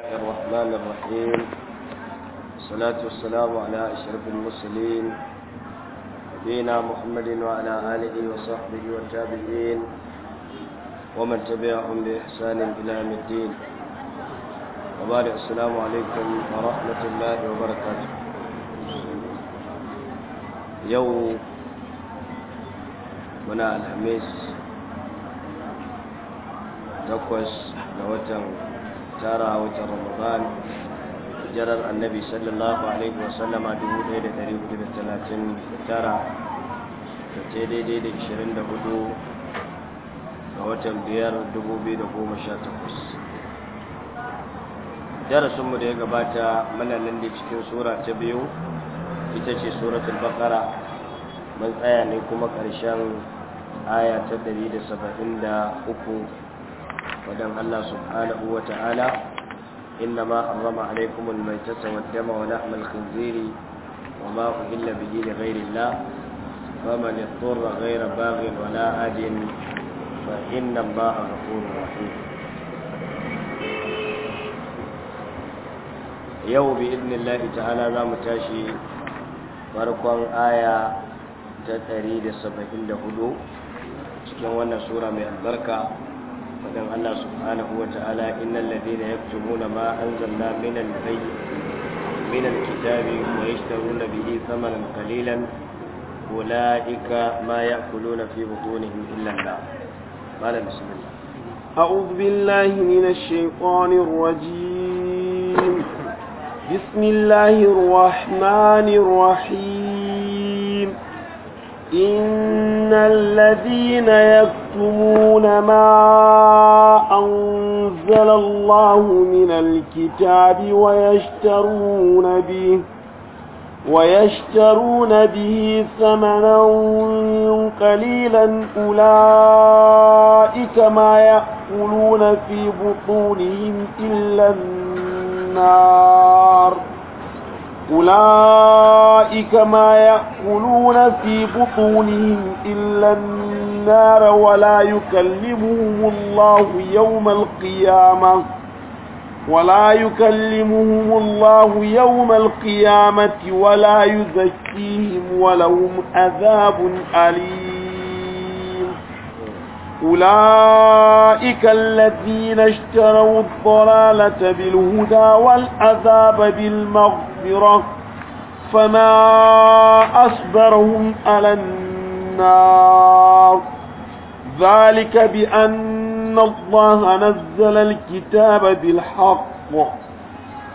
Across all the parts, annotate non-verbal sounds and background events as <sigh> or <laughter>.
الله الرحمن الرحيم والصلاة والسلام على أشرف المرسلين نبينا محمد وعلى آله وصحبه والتابعين ومن تبعهم بإحسان إلى يوم الدين وبارك السلام عليكم ورحمة الله وبركاته يوم منا الخميس تقوس لوتن tara a watan ramadan jarar annabi sallallahu alaihi wasallama 1439 da ce daidai da 24 ga watan 5 2018 darasinmu da ya gabata mana lalle da cikin sura ta biyu ita ce suratul bakara mun tsaya ne kuma ƙarshen aya ta 173 ودم الله سبحانه وتعالى إنما حرم عليكم الميتة والدم ولحم الخنزير وما أهل به لغير الله فمن اضطر غير باغ ولا عاد فإن الله غفور رحيم yau bi idnillahi ta'ala za mu tashi farkon aya ta 174 cikin wannan sura mai albarka fadan Allah subhanahu wa ta'ala innal ladina yaktumuna ma anzalna minal bayyi minal kitabi wa yashtaruna bihi thamanan qalilan ulaika ma ya'kuluna fi butunihim illa an-nar أعوذ بالله من الشيطان الرجيم بسم الله الرحمن الرحيم إن إن الذين يكتمون ما أنزل الله من الكتاب ويشترون به ويشترون به ثمنا قليلا أولئك ما يأكلون في بطونهم إلا النار أولئك ما يأكلون في بطونهم إلا النار ولا يكلمهم الله يوم القيامة ولا يكلمهم الله يوم القيامة ولا يزكيهم ولهم عذاب أليم أولئك الذين اشتروا الضلالة بالهدى والعذاب بالمغفرة مغفرة فما أصبرهم على النار ذلك بأن الله نزل الكتاب بالحق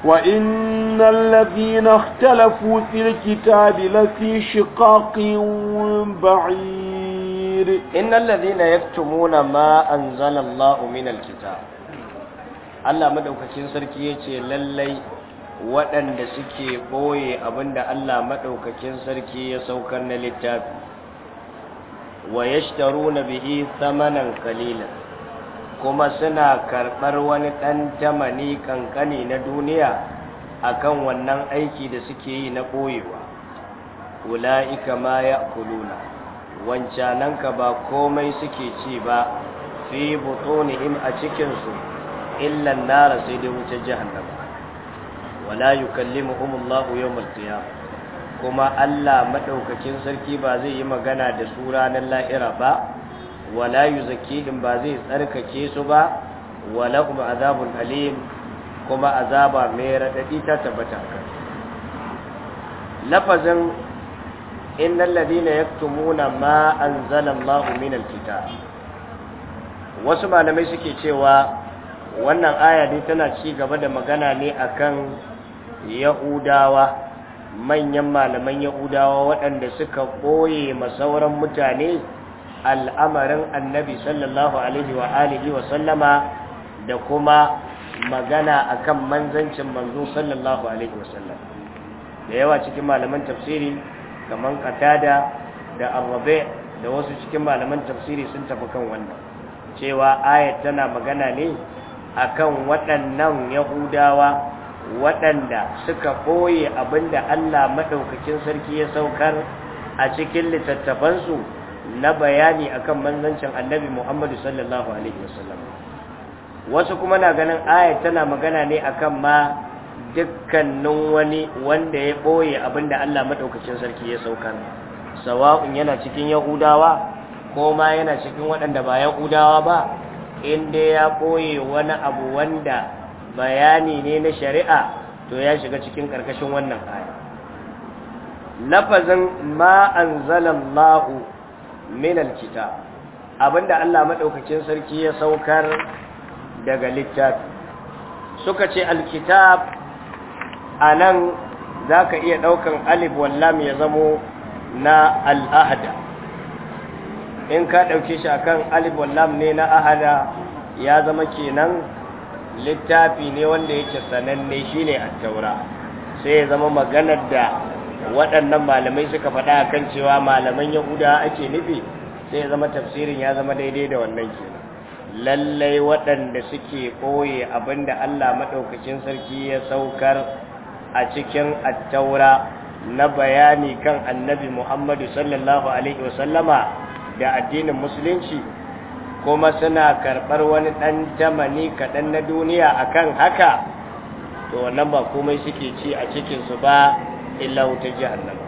وإن الذين اختلفوا في الكتاب لفي شقاق بعير إن الذين يكتمون ما أنزل الله من الكتاب Allah madaukakin sarki yace lallai waɗanda suke ɓoye abinda Allah maɗaukakin sarki ya saukar na littafi wa na bihi thamanan qalilan kuma suna karɓar wani ɗan tamani ƙanƙani na duniya akan wannan aiki da suke yi na ɓoyewa ula'ika ma ya ya'kuluna wancananka ba komai suke ci ba fi butunihim a cikinsu illan nara sai dai wuce jihannama wala yukallimuhum Allah yawmal qiyamah kuma Allah Maɗaukakin sarki ba zai yi magana da su ranar la'ira ba wala yuzakkihim ba zai tsarkake su ba wala kuma azabun alim kuma azaba mai radadi ta tabbata lafazin inda ladina yaktumuna ma an Allahu minal kitab wasu malamai suke cewa wannan aya ne tana ci gaba da magana ne akan yahudawa manyan malaman yahudawa waɗanda suka ɓoye masauran mutane al'amarin annabi sallallahu alaihi wa alihi wa sallama da kuma magana akan manzancin manzo sallallahu alaihi wa sallam da yawa cikin malaman tafsiri kamar katada da arrabe da wasu cikin malaman tafsiri sun tafi kan wannan cewa ayat tana magana ne akan waɗannan yahudawa waɗanda suka ɓoye abinda Allah maɗaukakin sarki ya saukar a cikin littattafansu na bayani akan manzancin annabi Muhammadu sallallahu Alaihi wasallam wasu kuma na ganin aya tana magana ne akan ma dukkanin wani wanda ya ɓoye abinda Allah maɗaukacin sarki ya saukar sawa'un yana cikin yahudawa ko ma yana cikin waɗanda ba yahudawa ba inda ya ɓoye wani abu wanda bayani ne na shari'a to ya shiga cikin ƙarƙashin wannan aya lafazin ma anzalallahu min alkitab abinda Allah maɗaukacin sarki ya saukar daga littafi suka ce alkitab A anan zaka iya daukan alif wallam ya zamo na al'ahda in ka dauke shi akan alif wallam ne na ahada ya zama kenan littafi ne wanda yake sananne shine at-taura sai ya zama maganar da waɗannan malamai suka faɗa a kan cewa malaman yahuda ake nufi sai ya zama tafsirin ya zama daidai da wannan kenan lallai waɗanda suke koye abinda Allah maɗaukacin sarki ya saukar a cikin at-taura na bayani kan annabi Muhammadu sallallahu alaihi wasallama da addinin musulunci kuma suna karɓar wani ɗan jamani kaɗan na duniya akan haka to wannan ba komai suke ci a cikinsu ba illa wuta jahannama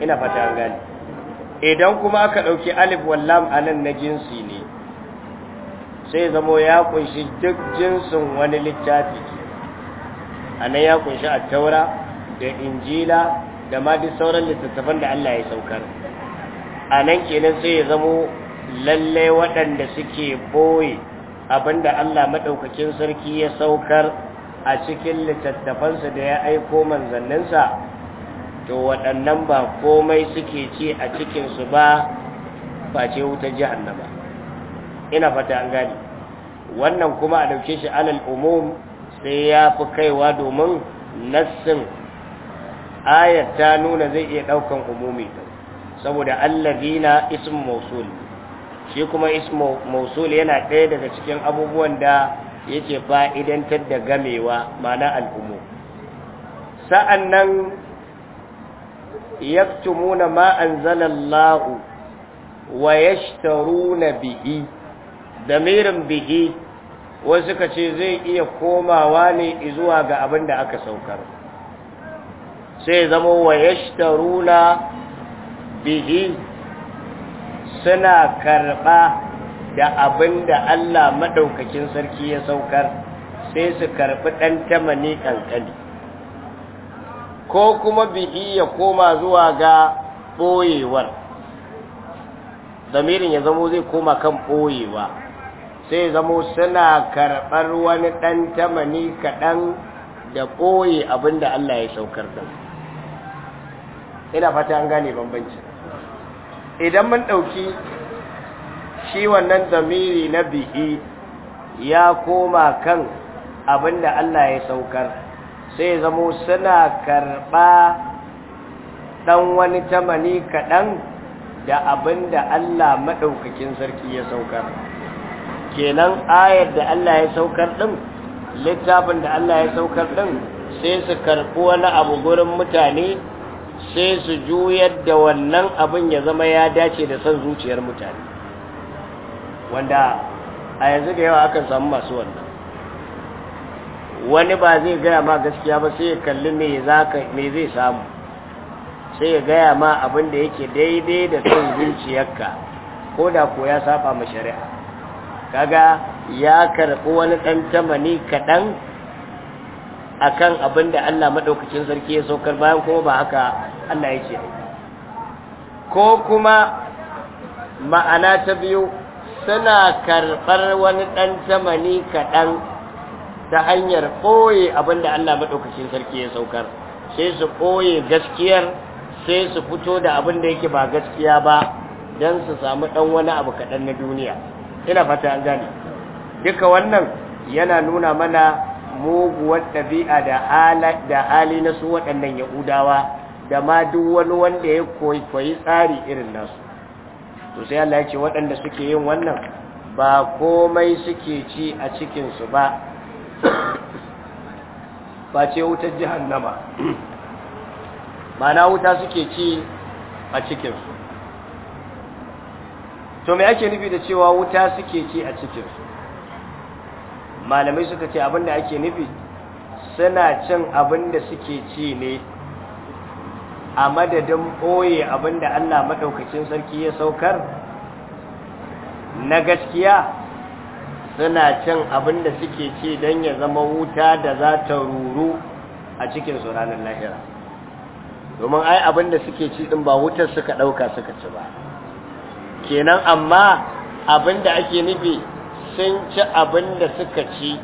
ina fata an gani idan kuma aka ɗauki alif wallam a nan na jinsi ne sai zamo ya kunshi duk jinsin wani littafi a nan ya kunshi a taura da injila da ma duk sauran littattafan da Allah ya saukar a nan kenan sai ya zamo lalle waɗanda suke boye abinda Allah maɗaukakin sarki ya saukar a cikin littattafansa da ya aiko manzanninsa to waɗannan ba komai suke ci a cikinsu ba face wuta jahannama ina fata an gani wannan kuma a ɗauke shi alal umum sai ya fi kaiwa domin nassin ayat ta nuna zai iya ɗaukan umumi saboda allazina ism mausul shi kuma ismo mausul yana ɗaya daga cikin abubuwan da yake fa'idantar da gamewa ma'ana al'umu Sa'annan nan yaktumuna ma anzalallahu wa yashtaruna bihi damirin bihi wasu ka ce zai iya komawa ne zuwa ga abin da aka saukar sai zama wa yashtaruna bihi suna karɓa da abin da Allah maɗaukakin sarki ya saukar sai su karɓi ɗan tamani ƙanƙani ko kuma bihi ya koma zuwa ga ɓoyewar zamirin ya zamo zai koma kan ɓoyewa sai zamo suna karɓar wani ɗan tamani kaɗan da ɓoye abin da Allah ya saukar da ina fata an gane bambanci idan mun ɗauki shi wannan zamiri na bihi ya koma kan abinda da Allah ya saukar sai zamo suna karɓa ɗan wani tamani kaɗan da abinda Allah maɗaukakin sarki ya saukar kenan ayar da Allah ya saukar ɗin littafin da Allah ya saukar ɗin sai su karɓi wani abu gurin mutane sai su juyar da wannan abin ya zama ya dace da son zuciyar mutane wanda a yanzu da yawa akan samu masu wannan wani ba zai gaya ma gaskiya ba sai ya kalli me zai samu sai ya gaya ma abin da yake daidai da son zuciyarka ko da ko ya saba ma shari'a kaga ya karɓi wani ɗan tamani kaɗan akan abin da Allah maɗaukacin sarki ya saukar bayan kuma ba haka Allah ya ce ko kuma ma'ana ta biyu suna karɓar wani ɗan tamani kaɗan ta hanyar ɓoye abin da Allah madaukakin sarki ya saukar sai su ɓoye gaskiyar sai su fito da abin da yake ba gaskiya ba don su samu ɗan wani abu kaɗan na duniya ina fata an gane duka wannan yana nuna mana muguwar ɗabi'a da hali na su waɗannan yahudawa da ma duk wani wanda ya koyi-koyi tsari irin nasu to sai Allah ya ce waɗanda suke yin wannan ba komai suke ci a cikinsu ba ba <coughs> ce wutar jihannama <coughs> mana wuta suke ci a cikinsu to mai ake nufi da cewa wuta suke ci a cikinsu malamai suka ce abin da ake nufi suna cin abin da suke ci ne a madadin ɓoye abin da Allah maɗaukacin sarki ya saukar na gaskiya suna cin abin da suke ci don ya zama wuta da za ta ruru a cikin ranar lahira domin ai abin da suke ci din ba wutar suka ɗauka suka ci ba kenan amma abin da ake nufi sun ci abin da suka ci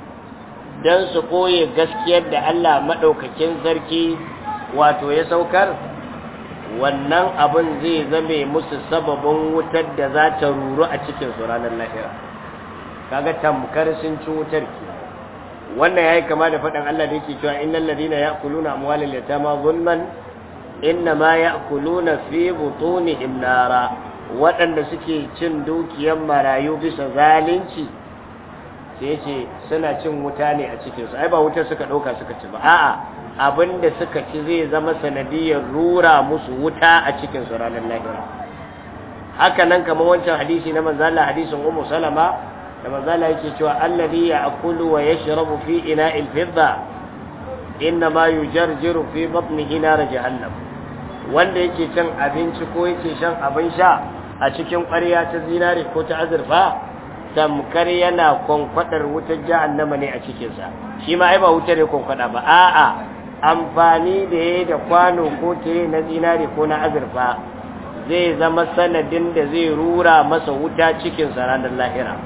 don su koye gaskiyar da Allah maɗaukakin sarki wato ya saukar wannan abin zai zame musu sababin wutar da za ta ruru a cikin ranar lahira kaga tamkar sun ci wutar ki wannan yayi kama da faɗin Allah da yake cewa innal ladina ya'kuluna ta ma zulman inna ma ya'kuluna fi butunihim nara waɗanda suke cin dukiyar marayu bisa zalunci sai ce suna cin wuta ne a cikinsu ai ba wutar suka ɗauka suka ci ba a'a abin da suka ci zai zama sanadiyar rura musu wuta a cikinsu ranar lahira haka nan kamar wancan hadisi na manzala hadisin umu salama da manzala yake cewa allazi ya akulu wa yashrabu fi ina'il fidda inna ma yujarjiru fi batnihi nar jahannam wanda yake cin abinci ko yake shan abin sha a cikin ƙwarya ta zinare ko ta azurfa tamkar yana kwankwadar wutar jahannama ne a cikinsa shi ma ai ba wutar ne kwankwada ba a'a amfani da ya da kwano ko tire na zinare ko na azurfa zai zama sanadin da zai rura masa wuta cikinsa ranar lahira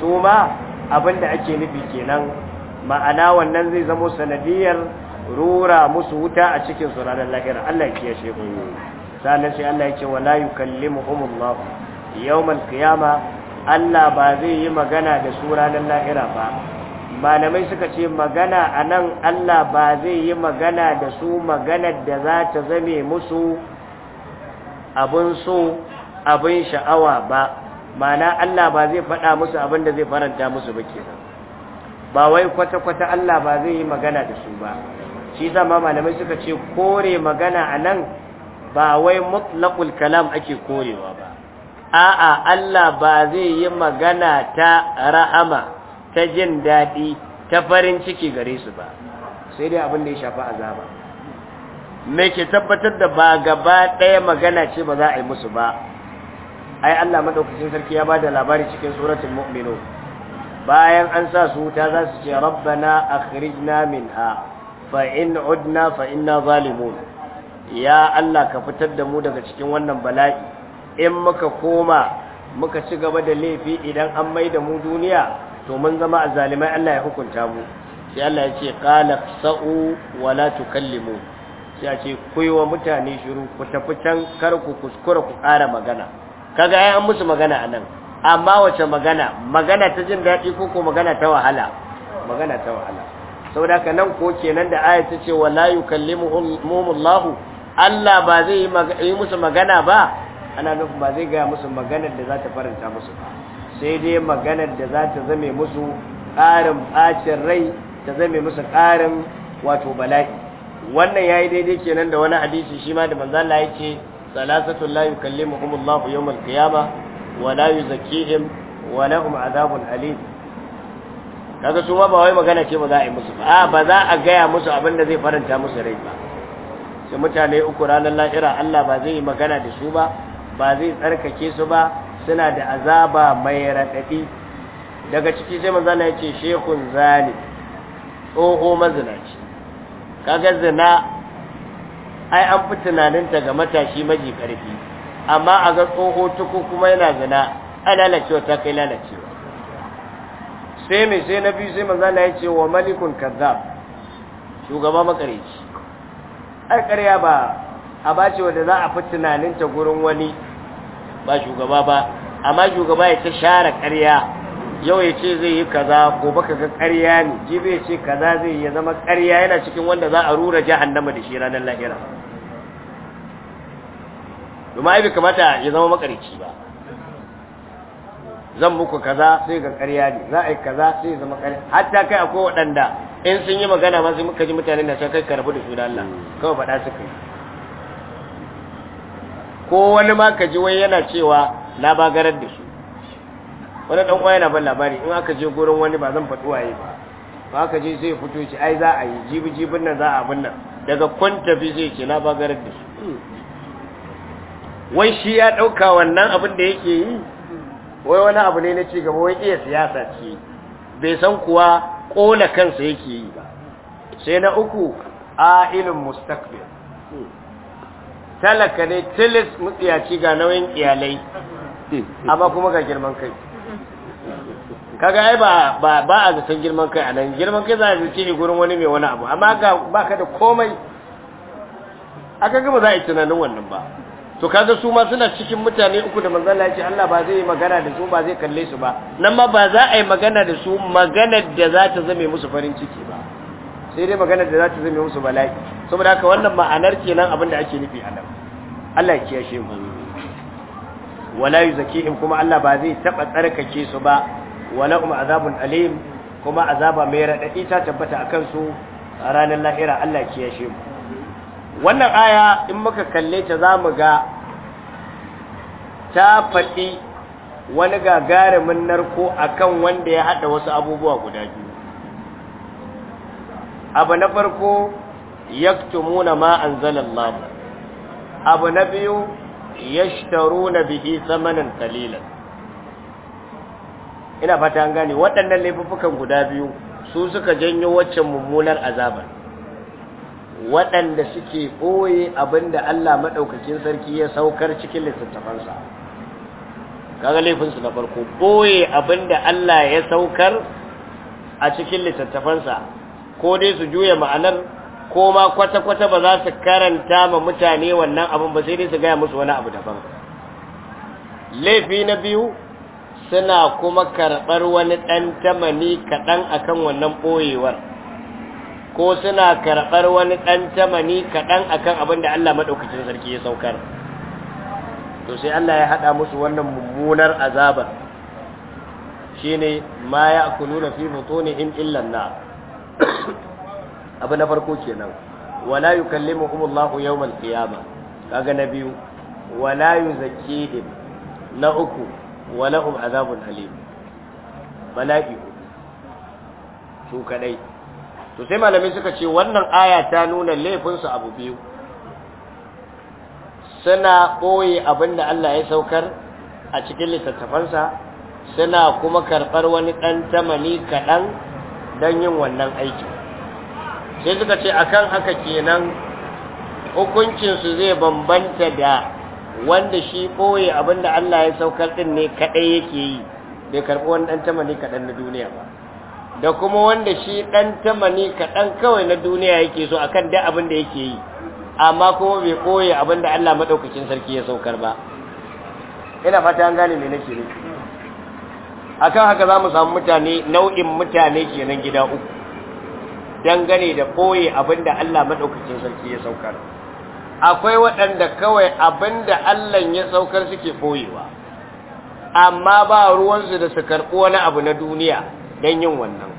su ma abin da ake nufi kenan ma'ana wannan zai zamo sanadiyar rura musu wuta a cikinsu ranar lahira allah ya kiyashe sannan sai Allah ya ce wala Allah yawmal qiyama Allah ba zai yi magana da su ranar lahira ba malamai suka ce magana anan Allah ba zai yi magana da su maganar da za ta zame musu abun so abin sha'awa ba mana Allah ba zai faɗa musu abin da zai faranta musu ba kenan ba wai kwata-kwata Allah ba zai yi magana da su ba shi zama malamai suka ce kore magana anan ba wai mutlaqul kalam ake korewa ba a'a Allah ba zai yi magana ta rahama ta jin daɗi ta farin ciki gare su ba sai dai abin da ya shafi azaba me ke tabbatar da ba gaba ɗaya magana ce ba za a yi musu ba ai Allah madaukakin sarki ya bada labari cikin suratul mu'minun bayan an sa su wuta za su ce rabbana akhrijna minha fa in udna fa inna zalimun ya Allah ka fitar da mu daga cikin wannan bala'i in muka koma muka ci gaba da laifi idan an mai da mu duniya to mun zama azzalimai Allah ya hukunta mu sai Allah ya ce qala sa'u wa la tukallimu sai a ce mutane shiru ku tafi can kar ku kuskura ku ƙara magana kaga ai an musu magana anan amma wace magana magana ta jin daɗi ko ko magana ta wahala magana ta wahala saboda haka nan ko kenan da aya ta ce wala yukallimuhum mumullahu Allah ba zai yi musu magana ba ana nufin ba zai gaya musu maganar da za ta faranta musu ba sai dai maganar da za ta zame musu ƙarin ɓacin rai ta zame musu ƙarin wato bala'i wannan ya yi daidai kenan da wani hadisi shi ma da manzo Allah yake salasatu la yukallimuhum Allah yawm al-qiyamah wa la yuzakkihim wa lahum azabun alim kaga su ma ba wai magana ce ba za a yi musu ba ba za a gaya musu abin da zai faranta musu rai ba Da mutane uku ranar la'ira Allah ba zai yi magana da su ba ba zai tsarkake su ba suna da azaba mai raɗaɗi daga ciki sai manzana na yace shekun zani tsoho mazinaci kaga zina ai an fi tunaninta ga matashi maji ƙarfi amma a ga tsoho tuku kuma yana zina ai lalacewa ta kai lalacewa sai mai sai na biyu sai manzana na yace wa malikun kazzab shugaba makareci ai ƙarya ba a ba ce wanda za a fi tunaninta gurin wani ba shugaba ba amma shugaba ya ta share ƙarya yau ya ce zai yi kaza gobe ga ƙarya ne jibi ya ce kaza zai ya zama ƙarya yana cikin wanda za a rura jahannama da shi ranar lahira domin ai bai kamata ya zama makarici ba zan muku kaza sai ga ƙarya ne za a yi kaza sai zama ƙarya hatta kai akwai waɗanda in sun yi magana ma sai muka ji mutane na sai kai ka rabu da su da Allah hmm. kawai faɗa suka yi ko wani ma ka ji wai yana cewa na ba garar da su wani dan uwa yana ban labari in aka je gurin wani ba zan faɗi waye ba ba aka je sai fito ce ai za a yi jibi jibin nan za a abin nan daga kun tafi sai ce na garar da su hmm. wai shi ya ɗauka wannan abin da yake yi wai wani abu ne na ci gaba wai iya siyasa ce bai san kuwa kola kansa yake yi ba sai na uku a ilin mustaqbil talaka ne tilis ci ga nauyin iyalai amma kuma ga girman kai kaga ai ba ba ba a zaton girman kai a nan girman kai za a zuci ne gurin wani mai wani abu amma ga baka da komai aka gaba za a yi tunanin wannan ba to kaga su ma suna cikin mutane uku da manzo Allah ya ce Allah ba zai yi magana da su ba zai kalle su ba nan ma ba za a yi magana da su magana da za ta zame musu farin ciki ba sai dai magana da za ta zame musu bala'i saboda haka wannan ma'anar kenan abin da ake nufi a nan Allah ya kiyashe mu wala yuzakihim kuma Allah ba zai taba tsarkake su ba wala kuma azabun alim kuma azaba mai radadi ta tabbata akan su ranar lahira Allah ya kiyashe mu wannan aya in muka kalle ta za mu ga ta faɗi wani gagarumin narko akan wanda ya haɗa wasu abubuwa guda biyu abu na farko yaktumuna ma anzalallahu abu na biyu yashtaruna bihi samanan qalilan ina fata an gane waɗannan laifukan guda biyu su suka janyo waccan mummunar azabar waɗanda suke ɓoye abinda Allah maɗaukakin sarki ya saukar cikin littattafansa kaga laifinsu na farko ɓoye abinda Allah ya saukar a cikin littattafansa ko dai su juya ma'anar ko ma kwata-kwata ba za su karanta ma mutane wannan abin ba sai dai su gaya musu wani abu daban laifi na biyu suna kuma karɓar wani ɗan tamani kaɗan akan wannan ɓoyewar ko suna karɓar wani ɗan tamani kaɗan akan abin da Allah maɗaukacin sarki ya saukar to sai Allah ya haɗa musu wannan mummunar azabar shine ma ya na fi in illa na <coughs> abu na farko kenan wala yukallimuhum Allah yawmal qiyamah kaga na biyu wala yuzakkihim na uku walahum azabun alim bala'i su kadai to sai malamai suka ce wannan aya ta nuna laifinsu abu biyu suna ɓoye abin da Allah ya saukar a cikin littattafansa suna kuma karɓar wani ɗan tamani kaɗan don yin wannan aiki sai suka ce akan haka kenan hukuncinsu zai bambanta da wanda shi ɓoye abin da Allah ya saukar ɗin ne kaɗai yake yi bai karɓi wani ɗan tamani kaɗan na duniya ba da kuma wanda shi ɗan tamani kaɗan kawai na duniya yake so akan duk abin da yake yi amma kuma bai koyi abin da Allah maɗaukacin sarki ya saukar ba ina fata an gane me nake ne akan haka za mu samu mutane nau'in mutane kenan gida uku dangane da koyi abin da Allah maɗaukacin sarki ya saukar akwai waɗanda kawai abin da Allah ya saukar suke koyewa amma ba ruwansu da su karɓi wani abu na duniya don yin wannan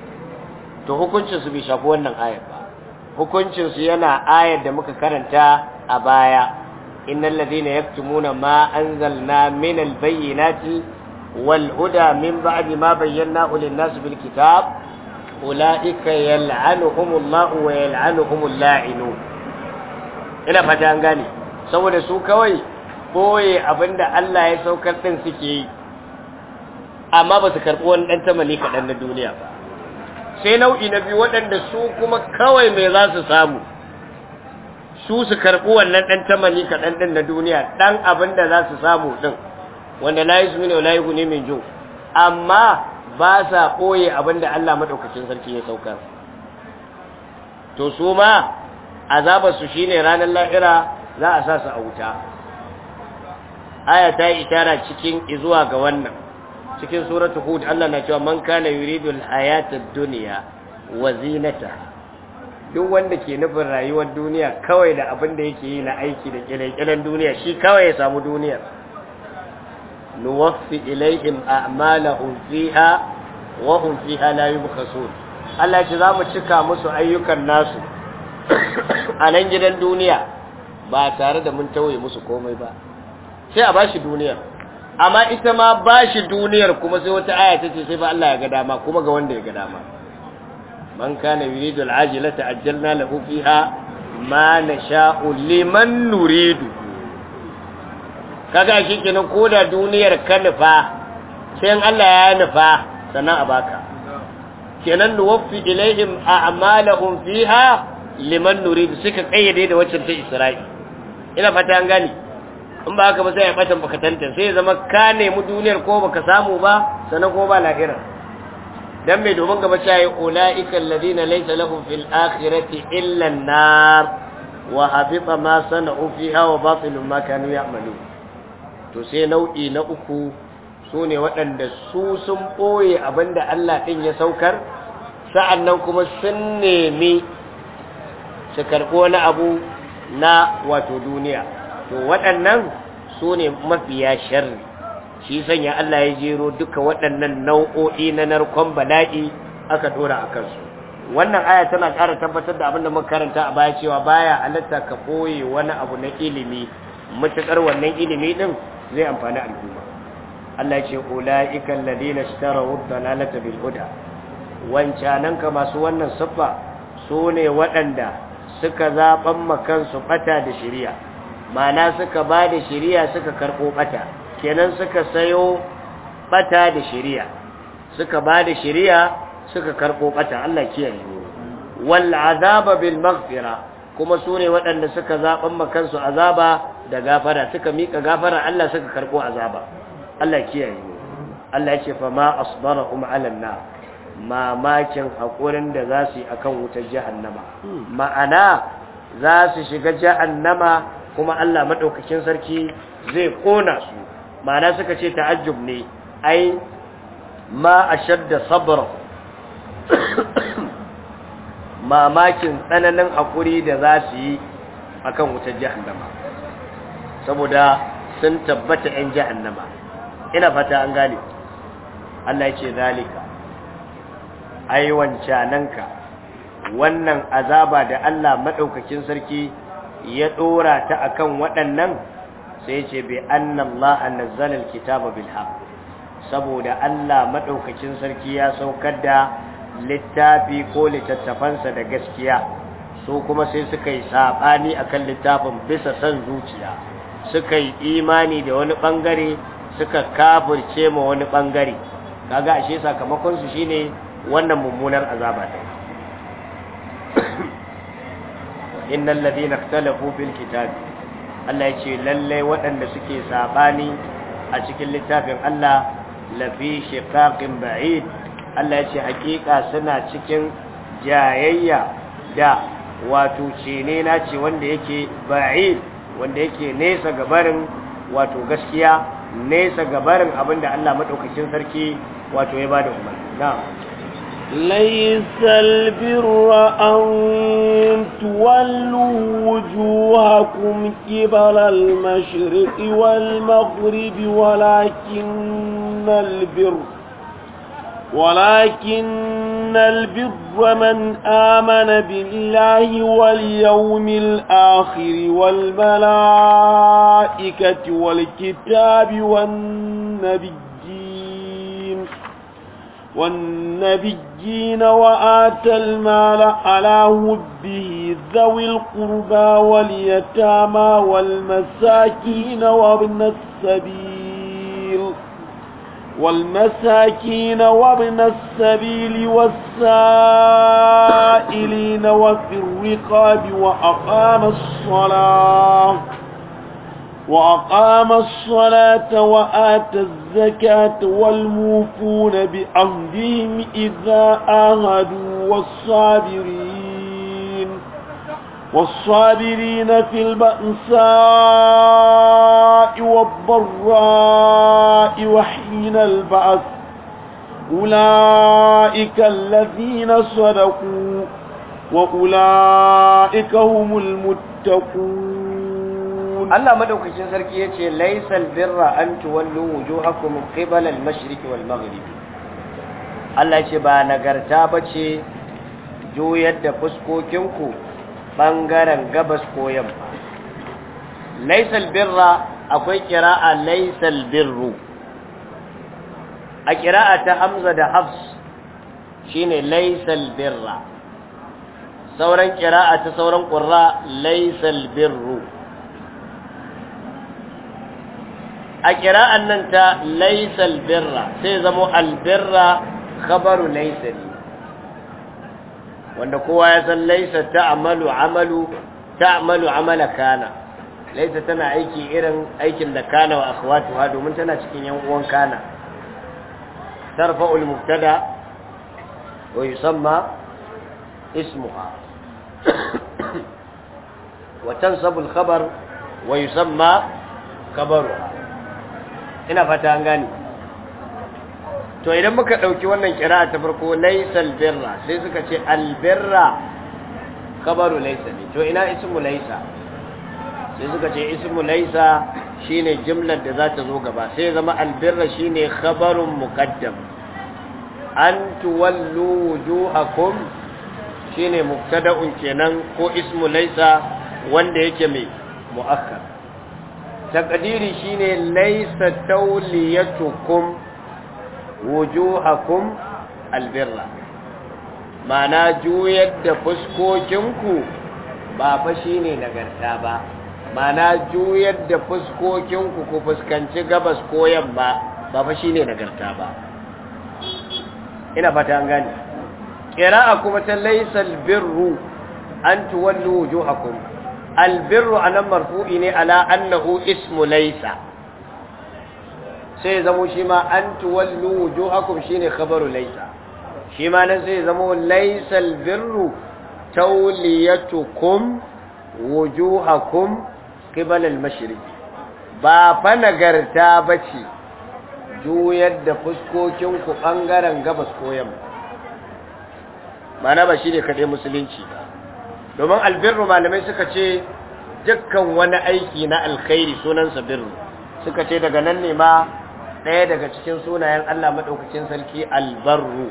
to hukuncinsu bai shafi wannan ayar ba hukuncinsu yana ayar da muka karanta a baya innal ladina yaktumuna ma anzalna min albayyinati wal huda min ba'di ma bayyanahu lin nas bil kitab ulaika yal'anuhumullahu wa yal'anuhumul la'inun ina fata an gane saboda su kawai boye abinda Allah ya saukar din suke yi amma ba su karɓi wani ɗan tamani kaɗan na duniya ba sai nau'i na biyu waɗanda su kuma kawai mai za su samu su su karɓi wannan ɗan tamani kaɗan ɗin na duniya ɗan abin da za su samu ɗin wanda layi su mini layi ne mai jo amma ba sa ɓoye abin da Allah maɗaukacin sarki ya sauka. to su ma azabarsu shi ne ranar la'ira za a sa su a wuta aya ta yi itara cikin izuwa ga wannan cikin suratu hud Allah na cewa man kana yuridu al-hayatad dunya wa zinata duk wanda ke nufin rayuwar duniya kawai da abin da yake yi na aiki da kire duniya shi kawai ya samu duniya nuwaffi ilaihim a'malahum fiha wa hum fiha la yubkhasun Allah ya zamu cika musu ayyukan nasu a nan gidan duniya ba tare da mun tauye musu komai ba sai a bashi duniyar amma ita ma bashi duniyar kuma sai wata aya ta ce sai fa Allah ya ga dama kuma ga wanda ya ga dama man kana yuridu al'ajilata ajjalna lahu fiha ma nasha'u liman nuridu kaga shi kenan koda duniyar ka nufa sai Allah ya nufa sannan a baka kenan nuwaffi ilaihim a'malahum fiha liman nuridu suka kayyade da wacce ta Isra'i ina fata an gani in ba haka ba sai ya bata baka tantance sai ya zama ka nemi duniyar ko baka samu ba sannan ko ba lahira dan mai domin gaba cewa ulaika alladhina laysa lahum fil akhirati illa an-nar wa habita ma sana'u fiha wa batilun ma kanu ya'malu to sai nau'i na uku sune waɗanda su sun boye abinda Allah din ya saukar sa'annan kuma sun nemi su wani abu na wato duniya to waɗannan su ne mafiya sharri shi sanya Allah ya jero duka waɗannan nau'o'i na narkon bala'i aka dora a kansu wannan aya tana ƙara tabbatar da abin da muka karanta a baya cewa baya halatta ka koye wani abu na ilimi matuƙar wannan ilimi din zai amfani al'umma Allah ce ula'ika alladhina ishtaraw ad-dalalata bil huda wancanan ka masu wannan siffa sune waɗanda suka zaban makansu ɓata da shari'a mana suka ba da shiriya suka karɓo ɓata kenan suka sayo ɓata da shiriya suka ba da shiriya suka karɓo ɓata Allah kiyaye wal azaba bil maghfira kuma su waɗanda suka zaɓan makansu azaba da gafara suka miƙa gafara Allah suka karɓo azaba Allah kiyaye Allah ya ce fa ma asbarahum ala nar mamakin haƙurin da za su yi a kan wutar jahannama hmm. ma'ana za su shiga jahannama kuma Allah maɗaukakin sarki zai ƙona su ma'ana suka ce ta'ajjub ne ai ma ashadda sabra <coughs> mamakin tsananin hakuri da za su yi akan wutar jahannama saboda sun tabbata 'yan jahannama ina fata an gane Allah ce zalika ai wancananka wannan azaba da Allah maɗaukakin sarki ya dora ta akan waɗannan sai ce bi annallaha nazzala alkitaba bil haqq saboda Allah maɗaukacin sarki ya saukar da littafi ko littattafansa da gaskiya su kuma sai suka yi sabani akan littafin bisa san zuciya suka yi imani da wani ɓangare, suka kafirce ma wani ɓangare, kaga ashe sakamakon shine wannan mummunar azaba innal ladina ikhtalafu fil kitab Allah ya ce lalle waɗanda suke sabani a cikin littafin Allah lafi shiqaqin ba'id Allah ya ce hakika suna cikin jayayya da wato cene na ce wanda yake ba'id wanda yake nesa gabarin wato gaskiya nesa gabarin abinda Allah madaukakin sarki wato ya bada umarni na'am ليس البر أن تولوا وجوهكم قبل المشرق والمغرب ولكن البر ولكن البر من آمن بالله واليوم الآخر والملائكة والكتاب والنبيين والنبي المسكين وآتى المال على وده ذوي القربى واليتامى والمساكين وابن السبيل والمساكين وابن السبيل والسائلين وفي الرقاب وأقام الصلاة وأقام الصلاة وآت الزكاة والموفون بأهدهم إذا آهدوا والصابرين والصابرين في البأساء والضراء وحين البأس أولئك الذين صدقوا وأولئك هم المتقون Allah madaukakin sarki ya ce laisal birra an tuwallu wujuhakum qibala al-mashriqi wal maghrib Allah ce ba nagarta bace juyar da fuskokinku bangaren gabas ko yamma laisal birra akwai kira'a laisal birru a kira'a ta Hamza da Hafs shine laisal birra sauran kira'a ta sauran qurra laisal birru اقرا ان انت ليس البر سيزم البر خبر ليس لي وأنك وعيسا ليس تعمل عمل تعمل عمل كان ليس تنا ايكي إرن عيكي اللي كان وأخواته هادو من تنا تكين يوم كان ترفع المبتدا ويسمى اسمها وتنصب الخبر ويسمى خبرها ina fata an gane to idan muka ɗauki wannan kira'a ta farko laisal birra sai suka ce albirra kabaru laisa ne to ina ismu laisa sai suka ce ismu laisa shine jumlar da za ta zo gaba sai zama birra shine khabarun muqaddam an tuwallu wujuhakum shine mubtada'un kenan ko ismu laisa wanda yake mai mu'akkar taqdiri shine Laisa tawliyatukum wujuhakum albirra mana juyar da fuskokinku ba fa shine nagarta ba mana juyar da fuskokinku ku fuskanci gabas ko yamma ba fa shine nagarta ba ina fata an gane qira'a kuma ta laysal birru an tuwallu wujuhakum albirru a nan marfu'i ne ala annahu ismu laisa. sai zamo shi ma an tuwallu shi ne khabaru laisa. shi ma nan sai zamo laisal Birru tauliyatu wujo qibala al-mashriq ba fa nagarta bace juyar da fuskokin ku ɓangaren gabas koyan ba na ba ne kadai musulunci ba domin albirru malamai suka ce dukkan wani aiki na alkhairi sunansa birru suka ce daga nan ne ma ɗaya daga cikin sunayen Allah maɗaukacin sarki albarru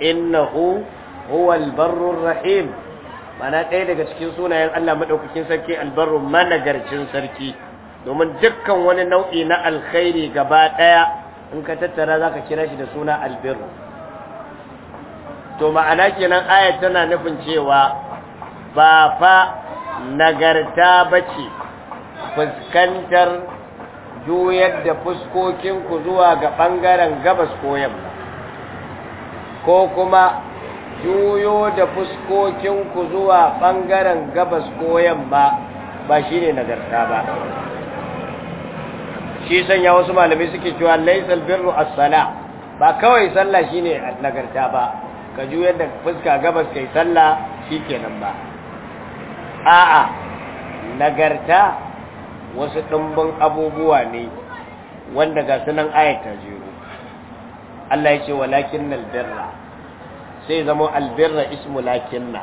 innahu huwa albarru rahim mana ɗaya daga cikin sunayen Allah maɗaukacin sarki albarru managarcin sarki domin dukkan wani nau'i na alkhairi gaba ɗaya in ka tattara za ka kira shi da suna albirru to ma'ana kenan aya tana nufin cewa ba fa nagarta bace fuskantar juyar da fuskokinku zuwa ga ɓangaren gabas ko yamma ko kuma juyo da fuskokinku zuwa ɓangaren gabas ko yamma ba shi ne nagarta ba shi sanya wasu malami suke cewa laisal birru as-sala ba kawai sallah shine nagarta ba ka juyar da fuska gabas kai sallah shikenan ba a'a nagarta wasu ɗumbin abubuwa ne wanda ga sunan ayata jero Allah ya ce walakin albirra sai zama albirra ismu lakinna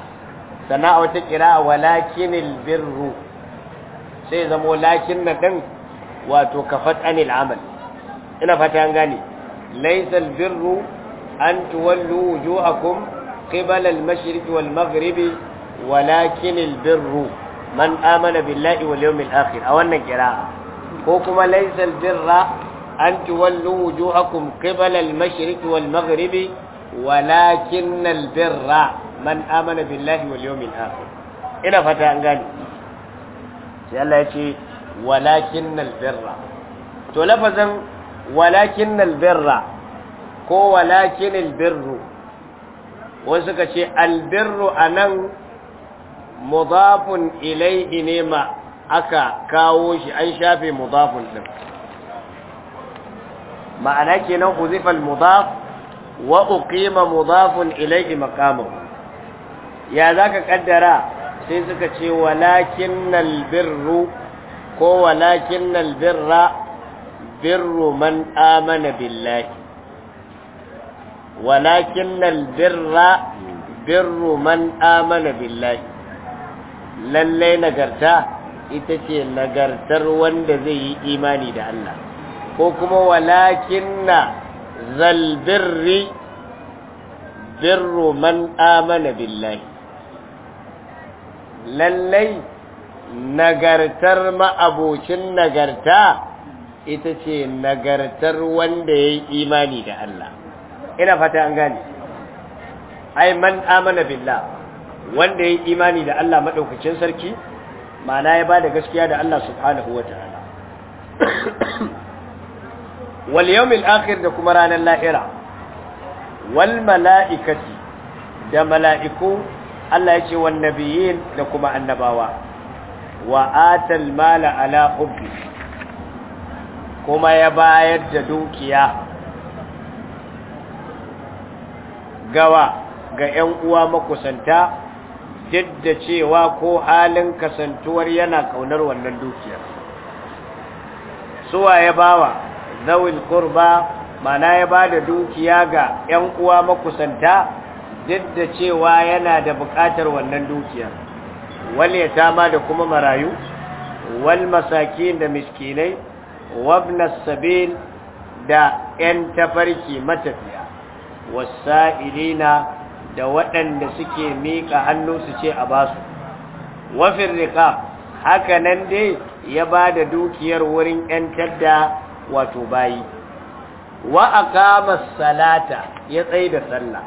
sana'a wata kira walakin albirru sai zama lakinna din wato kafat anil amal ina fata an gane laysa albirru an tuwallu wujuhakum qibala al-mashriq wal maghribi walakinil birru man amana billahi wal yawmil a wannan kira'a ko kuma laysal birra an tuwallu wujuhakum qibala al mashriq wal maghribi walakinnal birra man amana billahi wal yawmil ina fata an gani sai ce walakinnal birra to lafazan birra ko walakinil birru wasu suka ce albirru anan mudafun ilaihi ne ma aka kawo shi an shafe mudafun din ma'ana kenan huzifa mudaf wa uqima mudafun ilaihi maqamuhu ya zaka kaddara sai suka ce walakinnal birru ko walakinnal birra birru man amana billahi walakinnal birra birru man amana billahi lallai nagarta ita ce nagartar wanda zai yi imani da Allah ko kuma walakin na zalbirri birru man amana billahi lallai nagartar ma'abocin nagarta ita ce nagartar wanda ya yi imani da Allah ina fata an gane ai man amana billahi wanda ya imani da Allah maɗaukacin sarki ma'ana ya da gaskiya da Allah subhanahu wataala <coughs> wal yawmil akhir da kuma ranar lahira wal mala'ikati da mala'iku Allah ya ce wan nabiyyin da kuma annabawa wa atal mala ala hubbi kuma ya bayar da dukiya gawa ga 'yan uwa makusanta duk da cewa ko halin kasantuwar yana kaunar wannan dukiyar suwa ya bawa zawil qurba mana ya bada dukiya ga 'yan uwa makusanta duk da cewa yana da buƙatar wannan dukiyar wal yatama da kuma marayu wal masakin da miskinai wabna sabil da 'yan tafarki matafiya wasa'ilina da waɗanda suke miƙa hannu su ce a basu wafin rika. haka nan dai ya ba da dukiyar wurin ‘yantar da wato bayi wa a kama salata ya tsaye da sallah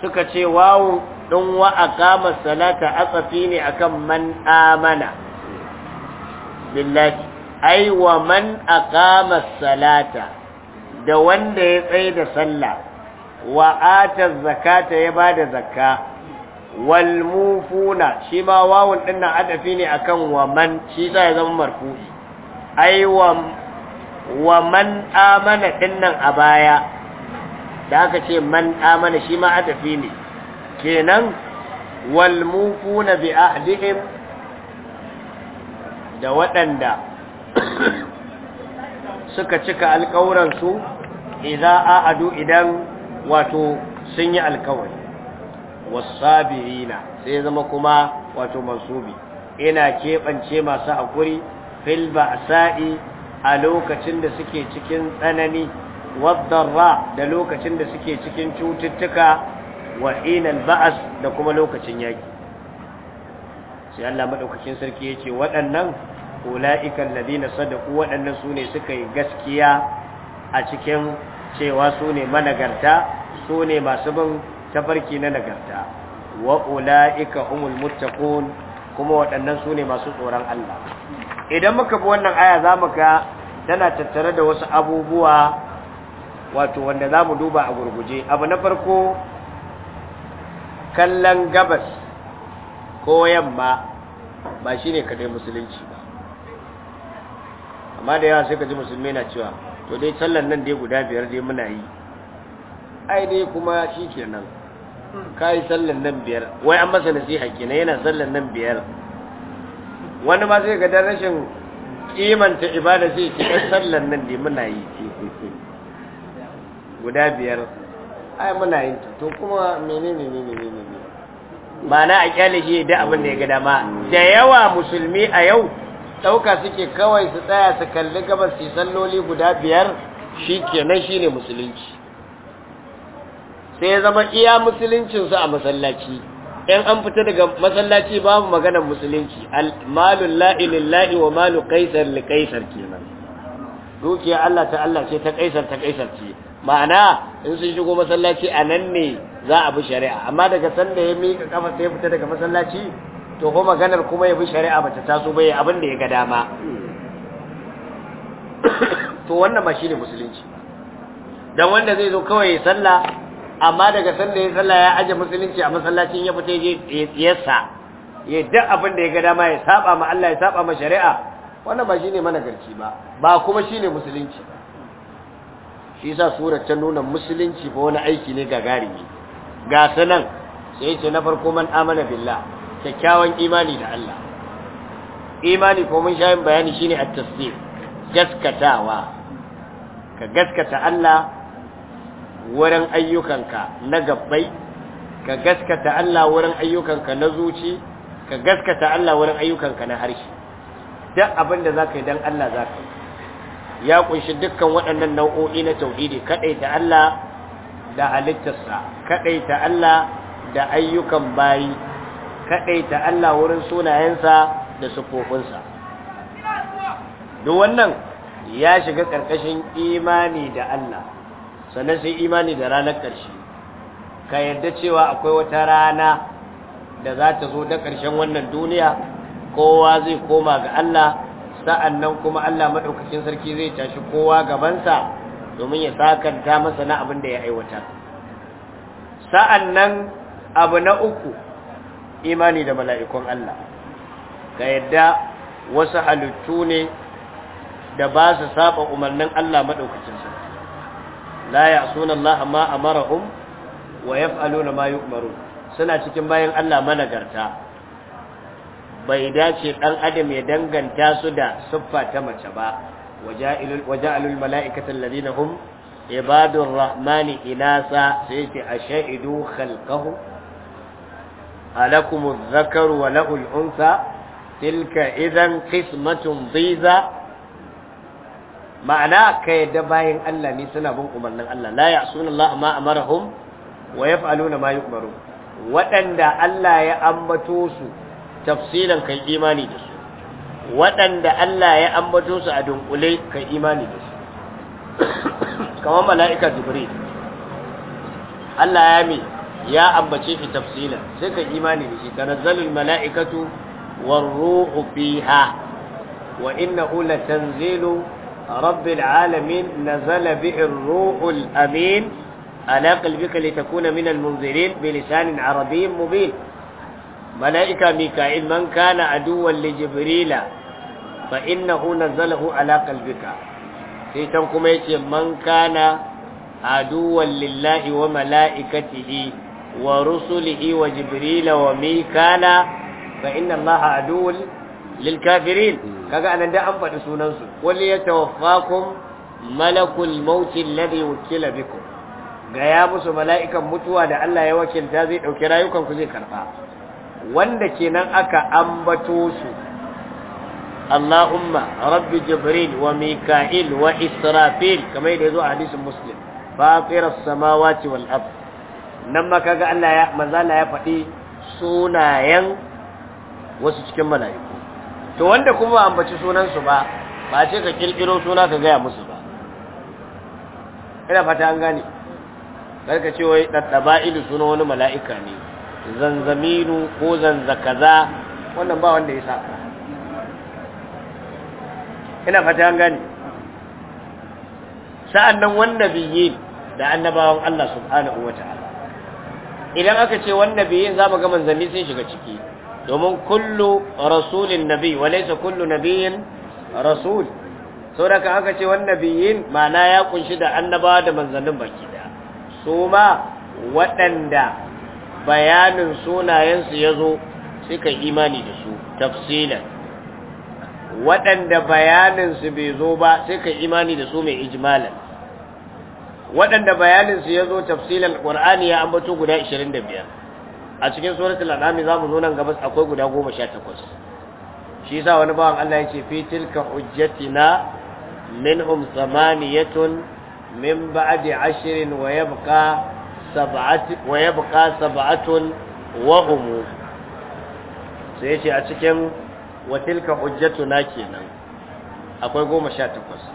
suka ce wawo ɗin wa a kama salata a tsafi ne akan man amana billahi ai man a kama salata da wanda ya tsaye da sallah wa ata zakata ya bada zakka wal mufuna shi ma wawun din nan adafi ne akan kan man shi sai ya zama marfu'i ai waman amana din nan a baya da aka ce man amana shi ma adafi ne kenan wal mufuna bi ahdihim da waɗanda <coughs> suka cika alƙawuransu a a'adu idan wato sun yi alkawari wasabirina sai zama kuma wato mansubi ina keɓance masu haƙuri fil sa'i a lokacin da suke cikin tsanani wadarra da lokacin da suke cikin cututtuka wa inal ba'as da kuma lokacin yaƙi. sai Allah madaukakin sarki yace waɗannan ulaiikal ladina sadaqu waɗannan sune suka yi gaskiya a cikin cewa su ne managarta su ne masu bin tafarki na nagarta wa ula'ika umul muttaqun kuma waɗannan su ne masu tsoron Allah idan muka bi wannan aya za mu ga tana tattare da wasu abubuwa wato wanda za mu duba a gurguje abu na farko kallon gabas ko yamma ba shi ne kaɗai musulunci ba amma da yawa sai ka ji musulmi na cewa to dai sallan nan dai guda biyar dai muna yi ai dai kuma shi ke nan ka yi sallan nan biyar wai an masa nasiha na yana sallan nan biyar wani ma sai ga dan rashin kimanta ibada sai ce ɗan sallan nan dai muna yi guda biyar ai muna yin to kuma menene ne ne ne na a kyale shi da abin da ya ga dama da yawa musulmi a yau ɗauka suke kawai su tsaya su kalli gabas su salloli guda biyar shi kenan shi ne musulunci sai zama iya musuluncinsu a masallaci in an fita daga masallaci babu maganar musulunci malun la'i wa malu kaisar li kaisar kenan dukiya Allah ta Allah ce ta kaisar ta kaisar ce ma'ana in sun shigo masallaci a nan ne za a bi shari'a amma daga sanda ya mika kafa sai fita daga masallaci to ko maganar kuma ya fi shari'a ba ta taso ba ya abin da ya ga dama to wannan ba shi ne musulunci don wanda zai zo kawai ya sallah amma daga sanda ya sallah ya aje musulunci a masallacin ya fita ya tsiyarsa ya duk abin da ya ga dama ya saba ma Allah ya saba ma shari'a wannan ba shine managarci ba ba kuma shine musulunci shi yasa surar ta nuna musulunci ba wani aiki ne ga gari. ga sanan sai ce na farko man amana billah kyakkyawan imani da Allah imani ko mun shayin bayani shine at-tasdiq gaskatawa ka gaskata Allah wurin ayyukanka na gabbai ka gaskata Allah wurin ayyukanka na zuci ka gaskata Allah wurin ayyukanka na harshe duk abin da zaka yi dan Allah zaka yi ya kunshi dukkan waɗannan nau'o'i na tauhidi kadai ta Allah da halittarsa kadai ta Allah da ayyukan bayi ta Allah wurin sunayensa da sukofinsa. duk wannan ya shiga ƙarƙashin imani da Allah sannan sai imani da ranar ƙarshe ka yarda cewa akwai wata rana da za ta zo da ƙarshen wannan duniya kowa zai koma ga Allah sa'an nan kuma Allah maɗaukacin sarki zai tashi kowa gabansa domin ya sakanta masa na abin da ya aiwata sa'an nan abu na uku imani da mala'ikun Allah ka yadda wasu halittu ne da ba su saba umarnin Allah maɗaukacin sa la ya'suna Allah ma amarahum wa yaf'aluna ma yu'marun suna cikin bayan Allah managarta bai dace dan adam ya danganta su da siffa ta mace ba waja'alul mala'ikatan alladhina hum ibadun rahmani ilasa, sai ce ashaidu khalqahum alakumuz zakaru wa lahul unsa tilka idan qismatun biza ma'ana ka yadda bayan Allah ne suna bin umarnin Allah la ya'suna Allah ma amarahum wa yaf'aluna ma yu'maru waɗanda Allah ya ambato su tafsilan kai waɗanda Allah ya ambato a dunkule kamar Allah ya ya ambace shi tafsilan sai ka imani da shi tanazzalul mala'ikatu war ruhu fiha wa innahu latanzilu rabbil alamin nazala bihi ruhul amin ala qalbika litakuna minal munzirin bi lisanin arabiyyin mubin mala'ika mika'il man kana aduwwan li jibrila fa innahu nazzalahu ala qalbika sai kuma yace man kana aduwwan wa mala'ikatihi ورسله وجبريل وميكال فإن الله عدو للكافرين كذا أنا ده أنفع سننس وليتوفاكم ملك الموت الذي وكل بكم gaya musu mala'ikan mutuwa da Allah ya wakilta zai ɗauki rayukanku zai karɓa wanda kenan aka ambato su Allahumma rabbi jibril wa mika'il wa israfil kamar da yazo a hadisin muslim fatiras samawati wal ardh nan ma kaga Allah ya manzo Allah ya faɗi sunayen wasu cikin mala'iku to wanda kuma ba ambaci sunan su ba ba ce ka kirkiro suna ka gaya musu ba ina fata an gane karka ce wai daddaba'ilu suna wani mala'ika ne zanzaminu ko zanzakaza wannan ba wanda ya saka ina fata an gane sa'annan wannan biyi da annabawan Allah subhanahu wataala idan aka ce wanda bai za zamu ga manzanni sun shiga ciki domin kullu rasulin nabi wa kullu nabiyyin rasul da aka ce wanda biyin ma'ana ya kunshi da annaba da manzannin baki da su ma waɗanda bayanin sunayensu ya zo suka imani da su tafsilan waɗanda bayaninsu bai zo ba suka imani da su mai ijmalan waɗanda bayaninsu ya zo tafsilin ƙwar'ani ya ambato guda 25 a cikin suratul al'ami za mu zo nan gabas akwai guda 18 shi sa wani bawan Allah ya ce fi tilka hujjatina minhum samaniyatun min ba'di ashrin wa yabqa sab'atu wa yabqa sab'atun wa hum sai ya ce a cikin wa tilka hujjatuna kenan akwai 18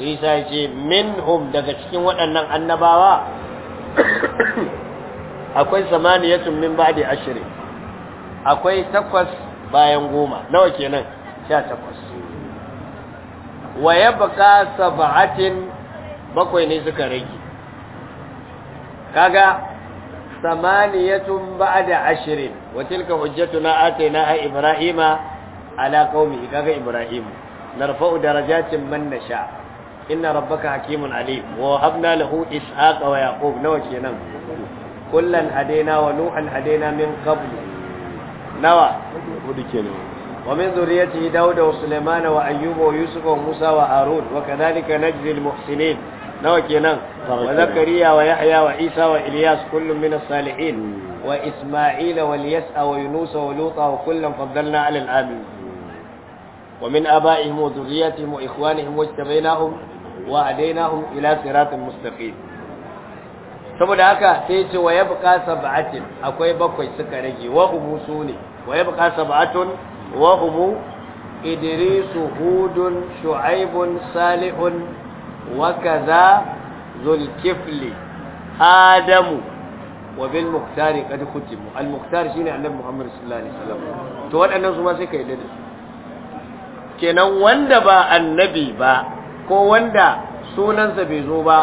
isa ya ce minhum daga cikin waɗannan annabawa <coughs> akwai samaniyatun min ba'di ashri akwai takwas bayan goma nawa kenan sha takwas wa yabqa sab'atin bakwai ne suka rage kaga samaniyatun ba'da ashrin wa tilka hujjatuna a ibrahima ala qaumi kaga ibrahim narfa'u darajatin man nasha' inna rabbaka hakimun alim wa habna lahu ishaqa wa yaqub nawa kenan kullan hadaina wa nuhan hadaina min qabl nawa hudu kenan wa min zurriyyatihi dauda wa sulaiman wa ayyuba wa yusufa wa musa wa harun wa kadhalika najzi al muhsinin nawa kenan wa zakariya wa yahya wa isa wa ilyas kullun min as salihin hmm. wa isma'ila wa yas'a wa yunus wa luta wa kullan faddalna ala al alamin ومن آبائهم وذرياتهم وإخوانهم واجتبيناهم wa hadainahum ila siratin mustaqim saboda haka sai ce waya yabqa sab'atin akwai bakwai suka rage wa hum sune waya yabqa sab'atun wa hum idris hudun shu'aibun salihun wa kaza zulkifli adamu wa bil muhtari qad khutimu al muhtari shine annabi muhammad sallallahu alaihi wasallam to waɗannan su ma sai ka yadda kenan wanda ba annabi ba ko wanda sunansa bai zo ba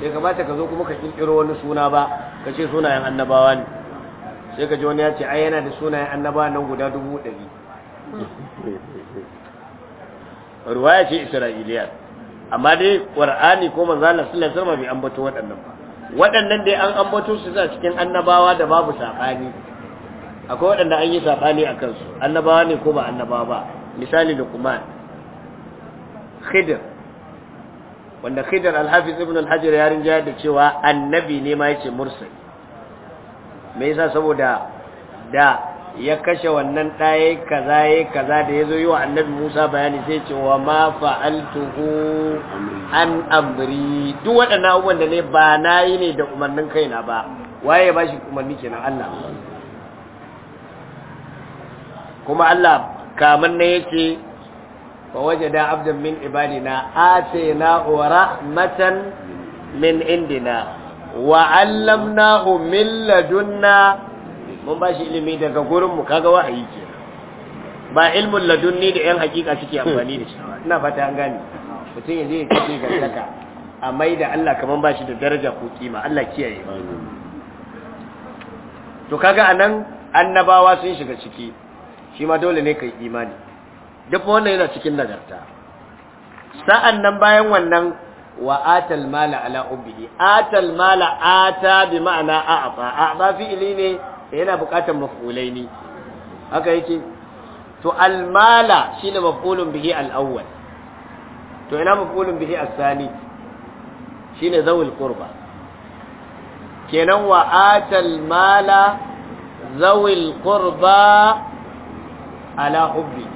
bai kamata ka zo kuma ka kirkiro wani suna ba ka ce sunayen annabawa ne sai ka ji wani ya ce ai yana da sunayen annabawa nan guda dubu ɗari <laughs> Ruwa ya ce isra'iliya amma dai ƙwar'ani ko Manzana suna sarma mai bai ambato waɗannan ba waɗannan dai an ambato su za cikin annabawa da babu saɓani akwai waɗanda an yi saɓani a kansu annabawa ne ko ba annabawa ba misali luqman khidr wanda khidr al-hafiz ibn al-hajar ya rinja da cewa annabi ne ma yace mursal me yasa saboda da ya kashe wannan ɗaye kaza yayi kaza da yazo yi wa annabi Musa bayani sai ce wa ma fa'altuhu an amri duk waɗannan abubuwan da ne ba nayi ne da umarnin kaina ba waye ba shi umarni kenan Allah kuma Allah kaman ne yake fa wajada abdan min ibadina atayna wa rahmatan min indina wa allamnahu min ladunna mun bashi ilimi daga gurin mu kaga wahayi ke ba ilmun ladunni da yan hakika suke amfani da ina fata an mutum yanzu ya kace gaskata a mai da Allah kaman bashi da daraja ko kima Allah kiyaye to kaga anan annabawa sun shiga ciki shima dole ne ka yi imani duk wannan yana cikin nagarta sa'an nan bayan wannan wa atal mala ala ubbihi atal mala ata bi ma'ana a'ta a'ta fi'ili ne yana buƙatar maf'ulai ne haka yake to al mala shine maf'ulun bihi al awwal to ina maf'ulun bihi as sani shine zawul qurba kenan wa atal mala zawil qurba ala hubbihi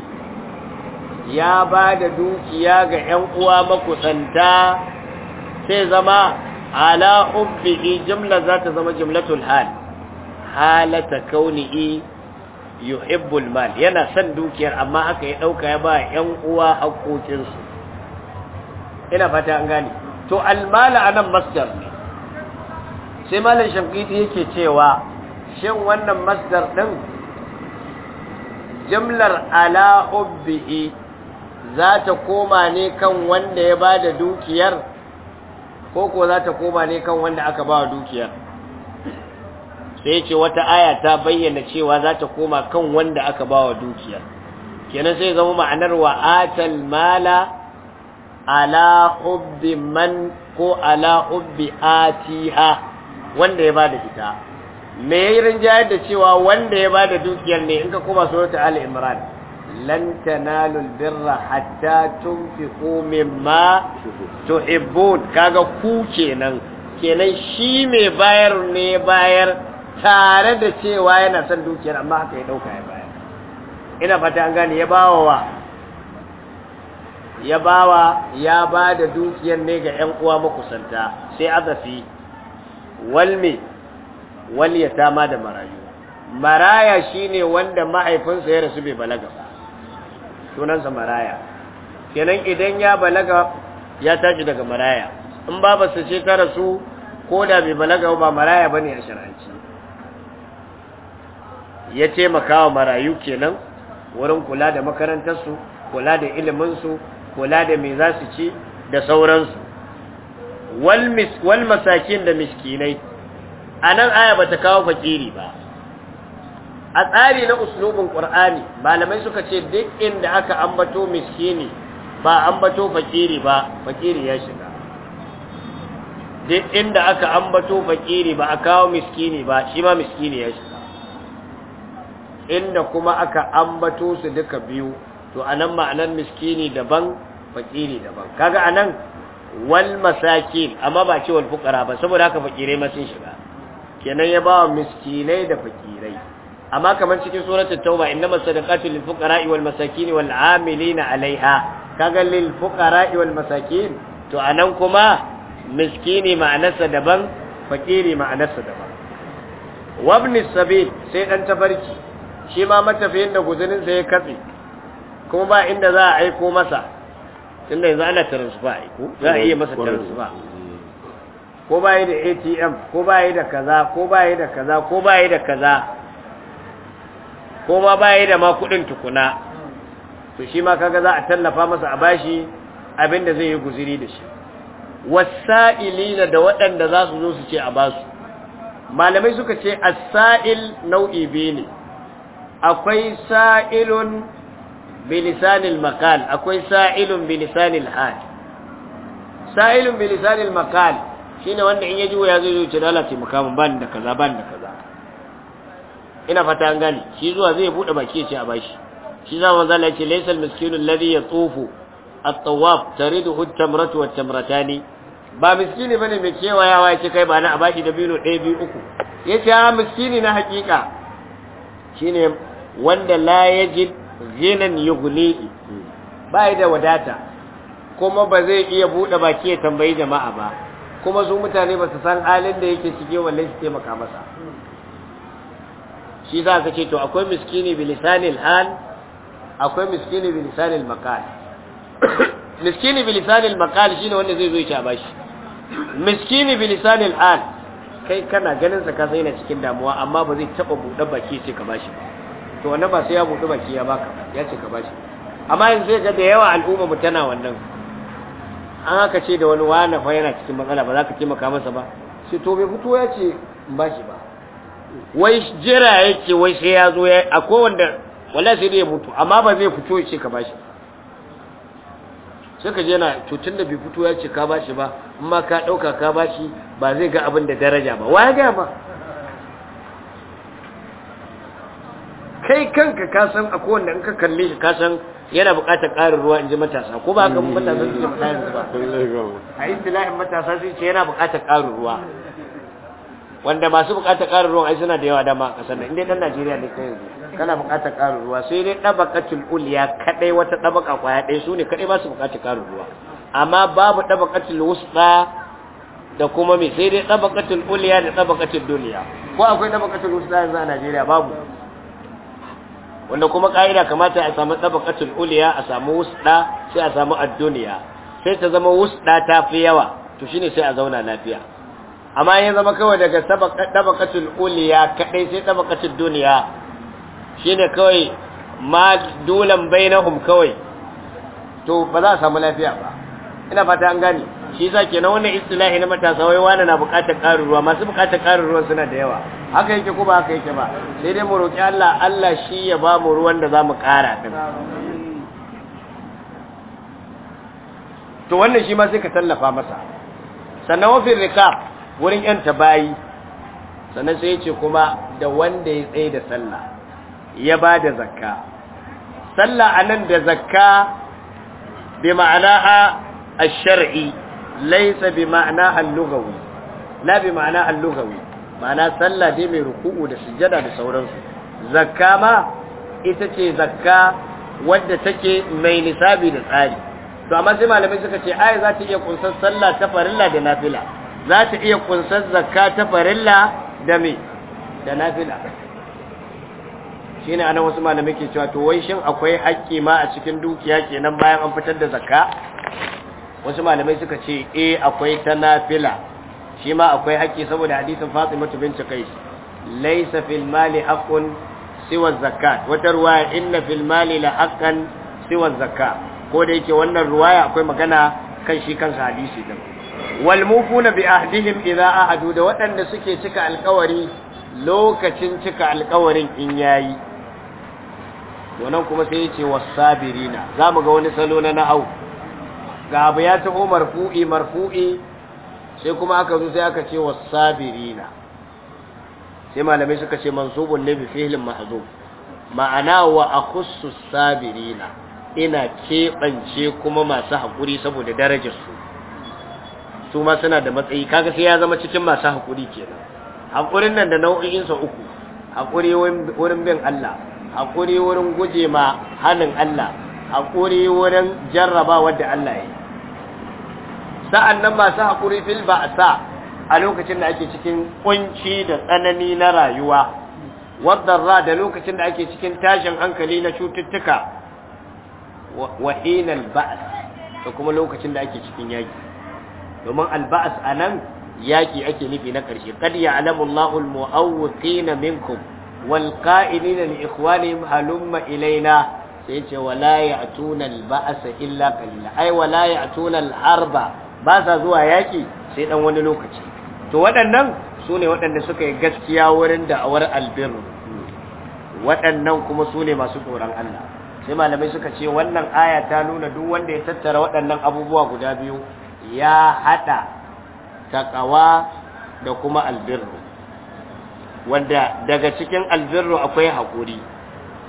ya ba da dukiya ga 'yan uwa makusanta sai zama ala hubbihi za ta zama jumlatul hal halata kaunihi yuhibbul mal yana son dukiyar amma haka ya ya ba 'yan uwa haƙoƙinsu ina fata an gane to almala anan masdar ne sai malam shankiti yake cewa shin wannan mastar ɗin, jimlar ala za ta koma ne kan wanda ya ba da dukiyar ko ko za ta koma ne kan wanda aka ba dukiyar sai ce wata aya ta bayyana cewa za ta koma kan wanda aka ba wa dukiyar kenan sai zama ma'anar wa atal mala ala hubbi man ko ala hubbi atiha wanda ya ba da ita me yayin da cewa wanda ya ba da dukiyar ne in ka koma suratul al-imran lan tanalul birra hatta tunfiqu mimma tuhibbun kaga ku kenan kenan shi mai bayar ne bayar tare da cewa yana son dukiyar amma haka ya dauka ya bayar ina fata an gane ya bawa wa ya bawa ya ba da dukiyar ne ga 'yan uwa makusanta sai azafi walme wal yatama da marayu maraya shine wanda mahaifinsa ya rasu bai balaga ba sunansa maraya kenan idan ya balaga ya tashi daga maraya in babarsa ce ta rasu ko da bai balaga ba maraya ba ne a shar'anci ya taimaka wa marayu kenan wurin kula da makarantarsu kula da iliminsu kula da mai za su ci da sauransu wal masakin da miskinai a nan aya bata kawo fakiri ba a tsari na uslubin ƙur'ani malamai suka ce duk inda aka ambato miskini ba ambato fakiri ba fakiri ya shiga duk inda aka ambato fakiri ba a kawo miskini ba shi ma miskini ya shiga inda kuma aka ambato su duka biyu to anan ma'anan miskini daban fakiri daban kaga anan wal masakin amma ba ce wal fuqara ba saboda haka fakirai ma sun shiga kenan ya ba miskinai da fakirai amma kamar cikin suratul tauba innamas sadaqatu lil fuqara'i wal masakin wal 'amilina 'alayha kaga lil fuqara'i wal masakin to anan kuma miskini ma'anarsa daban fakiri ma'anarsa daban wabnis sabil sai dan tabarki shi ma matafiyin da guzunin sa ya katse kuma ba inda za a aiko masa tunda yanzu ana transfer aiko za a iya masa transfer ko ba yi da ATM ko ba da kaza ko da kaza ko ba yi da kaza ko ma baya da ma kuɗin tukuna to shi ma kaga za a tallafa masa a bashi abin da zai yi guziri da shi wasa'ilina da waɗanda za su zo su ce a basu malamai suka ce as-sa'il nau'i biyu ne akwai sa'ilun bilisanil makal akwai sa'ilun bilisanil hal sa'ilun bilisanil makal shine wanda in yaji ya zo ya ce Allah taimaka min ban da kaza ban da kaza ina fata an gane shi zuwa zai bude baki ya ce a bashi shi za manzo Allah ya ce laysal miskinu alladhi yatufu at-tawaf taridu hutamratu tamratu wat-tamratani ba miskini bane mai kewayawa ya ce kai ba na a bashi da biro ɗaya biyu uku ya ce a miskini na hakika shine wanda la yajid ghinan yughli bai da wadata kuma ba zai iya bude baki ya tambayi jama'a ba kuma su mutane ba su san halin da yake cike wallahi su taimaka masa shi za ka ce to akwai miskini bilisanil hal akwai miskini bilisanil maqal <coughs> miskini bilisanil maqal shine wanda zai zo ya ba bashi miskini bilisanil hal kai kana ganin sa ka sai na cikin damuwa amma ba zai taba bude baki ce ka bashi to wanda ba sai ya bude baki ya baka ya ce ka bashi amma yanzu sai ga da yawa al'umma mu tana wannan an haka ce da wani wani fa yana cikin matsala ba za ka taimaka masa ba sai to bai fito ya ce in bashi ba wai jira yake wai sai ya zo a akwai wanda wallahi sai dai mutu amma ba zai fito ya ce ka bashi sai ka je na to da bai fito ya ce ka bashi ba amma ka dauka ka bashi ba zai ga abin da daraja ba wa ga ba kai kanka ka san a kowanne in ka kalle shi ka san yana buƙatar ƙarin ruwa in ji matasa ko ba mun matasa su ce matasa ba a tilahin matasa su ce yana buƙatar ƙarin ruwa wanda masu bukatar karin ruwan ai suna da yawa dama a nan inda dan Najeriya ne kai kana bukatar karin ruwa sai dai dabaqatul ulya kadai wata dabaqa kwaya dai su ne kadai ba su bukatar karin ruwa amma babu dabaqatul wusta da kuma me sai dai dabaqatul ulya da dabaqatul dunya ko akwai dabaqatul wusta yanzu a Najeriya babu wanda kuma ka'ida kamata a samu dabaqatul ulya a samu wusta sai a samu ad-dunya sai ta zama wusta ta fi yawa to shine sai a zauna lafiya amma ya zama kawai daga tabakacin uliya kadai sai tabakacin duniya Shi ne kawai ma dulan bainahum kawai to ba za a samu lafiya ba ina fata an gane shi ke, na wannan istilahi na matasa wai wani na bukatar karin ruwa masu bukatar karin ruwa suna da yawa haka yake ko ba haka yake ba sai dai mu roƙi Allah Allah shi ya ba mu ruwan da mu kara din to wannan shi ma sai ka tallafa masa sannan wafin rikab wurin yanta bayi sannan sai ya ce kuma da wanda ya tsaye da sallah ya ba da zakka sallah a nan da zakka bi ma'anaha a shari laisa bi ma'ana allugawi la bi ma'ana allugawi ma'ana sallah dai mai ruku'u da sujjada da sauransu zakka ma ita ce zakka wadda take mai nisabi da tsari to amma sai malamai suka ce ai za ta iya kunsar sallah ta farilla da nafila za ta iya kunsar zakka ta farilla da me da nafila shine ana wasu malamai ke cewa to wai shin akwai haƙƙi ma a cikin dukiya kenan bayan an fitar da zakka wasu malamai suka ce eh akwai ta nafila shi ma akwai haƙƙi saboda hadisin Fatimatu binti Qais laysa fil mali haqqun siwa zakat wata ruwaya inna fil mali la haqqan siwa zakat ko da yake wannan ruwaya akwai magana kan shi kansa hadisi din walmufuna bi ahdihim idza ahadu da waɗanda suke cika alƙawari lokacin cika alƙawarin in yayi wannan kuma sai yace wasabirina zamu ga wani salo na Nau? ga abu ya tabo marfu'i marfu'i sai kuma aka zo sai aka ce wasabirina sai malamai suka ce mansubun ne bi fi'lin mahzuf ma'ana wa akhussu sabirina ina keɓance kuma masu haƙuri saboda darajarsu su ma suna da matsayi kaga sai ya zama cikin masu hakuri kenan hakurin nan da nau'in sa uku hakuri wurin bin Allah hakuri wurin guje ma hanin Allah hakuri wurin jarraba da Allah ya yi sa'annan masu hakuri fil ba'sa a lokacin da ake cikin kunci da tsanani na rayuwa ra da lokacin da ake cikin tashin hankali na cututtuka wa hinal ba'as da kuma lokacin da ake cikin yaki domin alba'as anan yaƙi ake nufi na karshe kad ya'lamu Allahu al-mu'awwiqina minkum wal qa'ilina li ikhwanihim halumma ilaina sai yace wala a tunan basa illa qalila ai wala a tunan harba ba sa zuwa yaƙi, sai ɗan wani lokaci to waɗannan sune waɗanda suka yi gaskiya wurin da'awar albir waɗannan kuma sune masu tsoron Allah sai malamai suka ce wannan aya ta nuna duk wanda ya tattara waɗannan abubuwa guda biyu ya hada taqawa da kuma albirru wanda daga cikin albirru akwai hakuri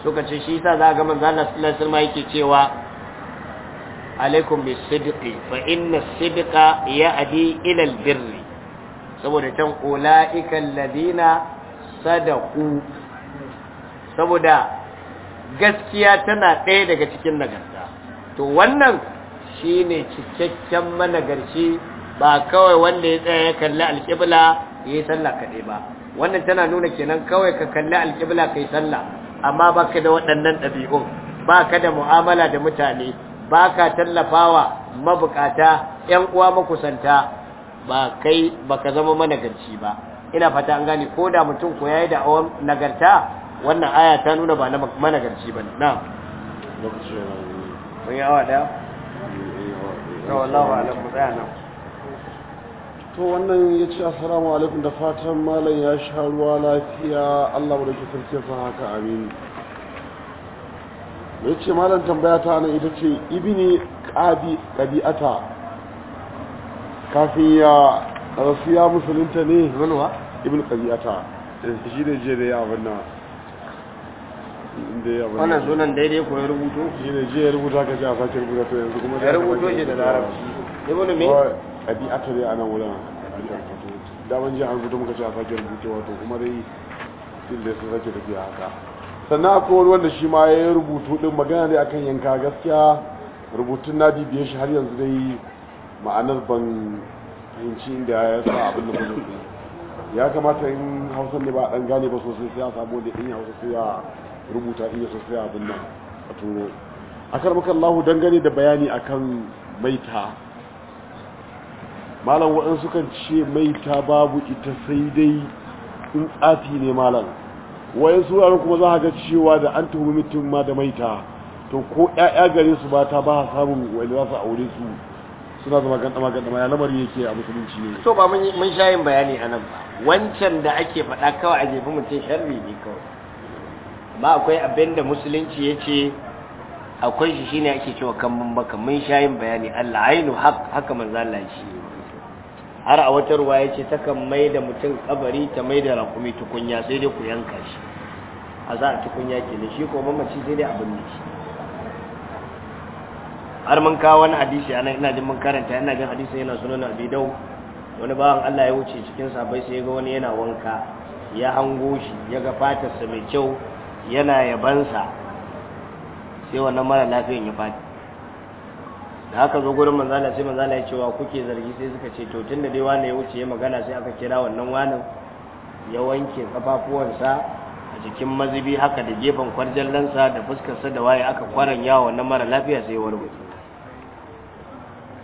suka ce shi yasa zaga manzo Allah sallallahu alaihi wasallam yake cewa alaikum bisidqi fa inna sidqa ya'di ila birri.' saboda tan ulaika ladina sadaqu saboda gaskiya tana ɗaya daga cikin nagarta to wannan shine cikakken managarci ba kawai wanda ya tsaya ya kalli alƙibla ya yi sallah kaɗai ba wannan tana nuna kenan kawai ka kalli alƙibla ka yi sallah amma ba ka da waɗannan ɗabi'un ba ka da mu'amala da mutane ba ka tallafawa mabukata ‘yan uwa makusanta ba kai ba ka zama managarci ba ina fata an gane ko da mutum ko ya yi da'awar nagarta wannan aya ta nuna ba na managarci ba na mun yi awa daya to wannan ya ce assalamu alaikum da fatan malam ya sha ruwa lafiya Allah mu dake sarki sa haka amin ya ce malam tambaya ta nan ita ce ibni qabi qabi'ata kafin ya rasu ya musulunta ne zanwa ibn qabi'ata eh, shi ne je da ya abin nan wannan sunan daidai ko ya rubuto shi ne jiya rubuta ka ji a sake rubuta to yanzu kuma ya rubuto shi da larabci ibn me abi atari ana wurin da ban ji an rubuta muka ce a sake rubuta wato kuma dai still da su sake tafiya haka sannan akwai wani wanda shi ma ya rubutu din magana dai akan yanka gaskiya rubutun na bibiye shi har yanzu dai ma'anar ban fahimci inda ya sa abin da kuma ya kamata in hausa ne ba a dan gane ba sosai sai a samu da in hausa sai ya rubuta in yaso sai abin nan a turo akar maka Allah dangane da bayani akan maita malam waɗansu kan ce maita babu ita sai dai in tsafi ne malam wayan suraren kuma za ga cewa da an tuhumi mutum ma da maita to ko yaya gare su ba ta ba samun wani za su aure su suna zama gandama gandama ya lamari yake a musulunci ne to ba mun sha yin bayani nan ba wancan da ake faɗa kawai a jefi mutum sharri ne kawai Ba akwai abinda musulunci ya ce akwai shi shine ake cewa kan baka mun shayin bayani Allah ainu haka manzo Allah shi har a wata ruwa ya ce takan mai da mutum kabari ta mai da rakumi tukunya sai dai ku yanka shi a za a tukunya ke da shi ko mamaci sai dai abin da har mun kawo wani hadisi anan ina jin mun karanta ina jin hadisin yana sunan Abi dau wani bawan Allah ya wuce cikin sabai sai ya ga wani yana wanka ya hango shi ya ga fatarsa mai kyau yana yabansa sai wannan mara lafiyan ya faɗi da haka zo gurin manzala sai manzala ya cewa kuke zargi sai suka ce to tunda dai wani ya wuce ya magana sai aka kira wannan wanin ya wanke kafafuwansa a jikin mazubi haka da gefen lansa da fuskarsa da waye aka kwaran yawa wannan mara lafiya sai ya warware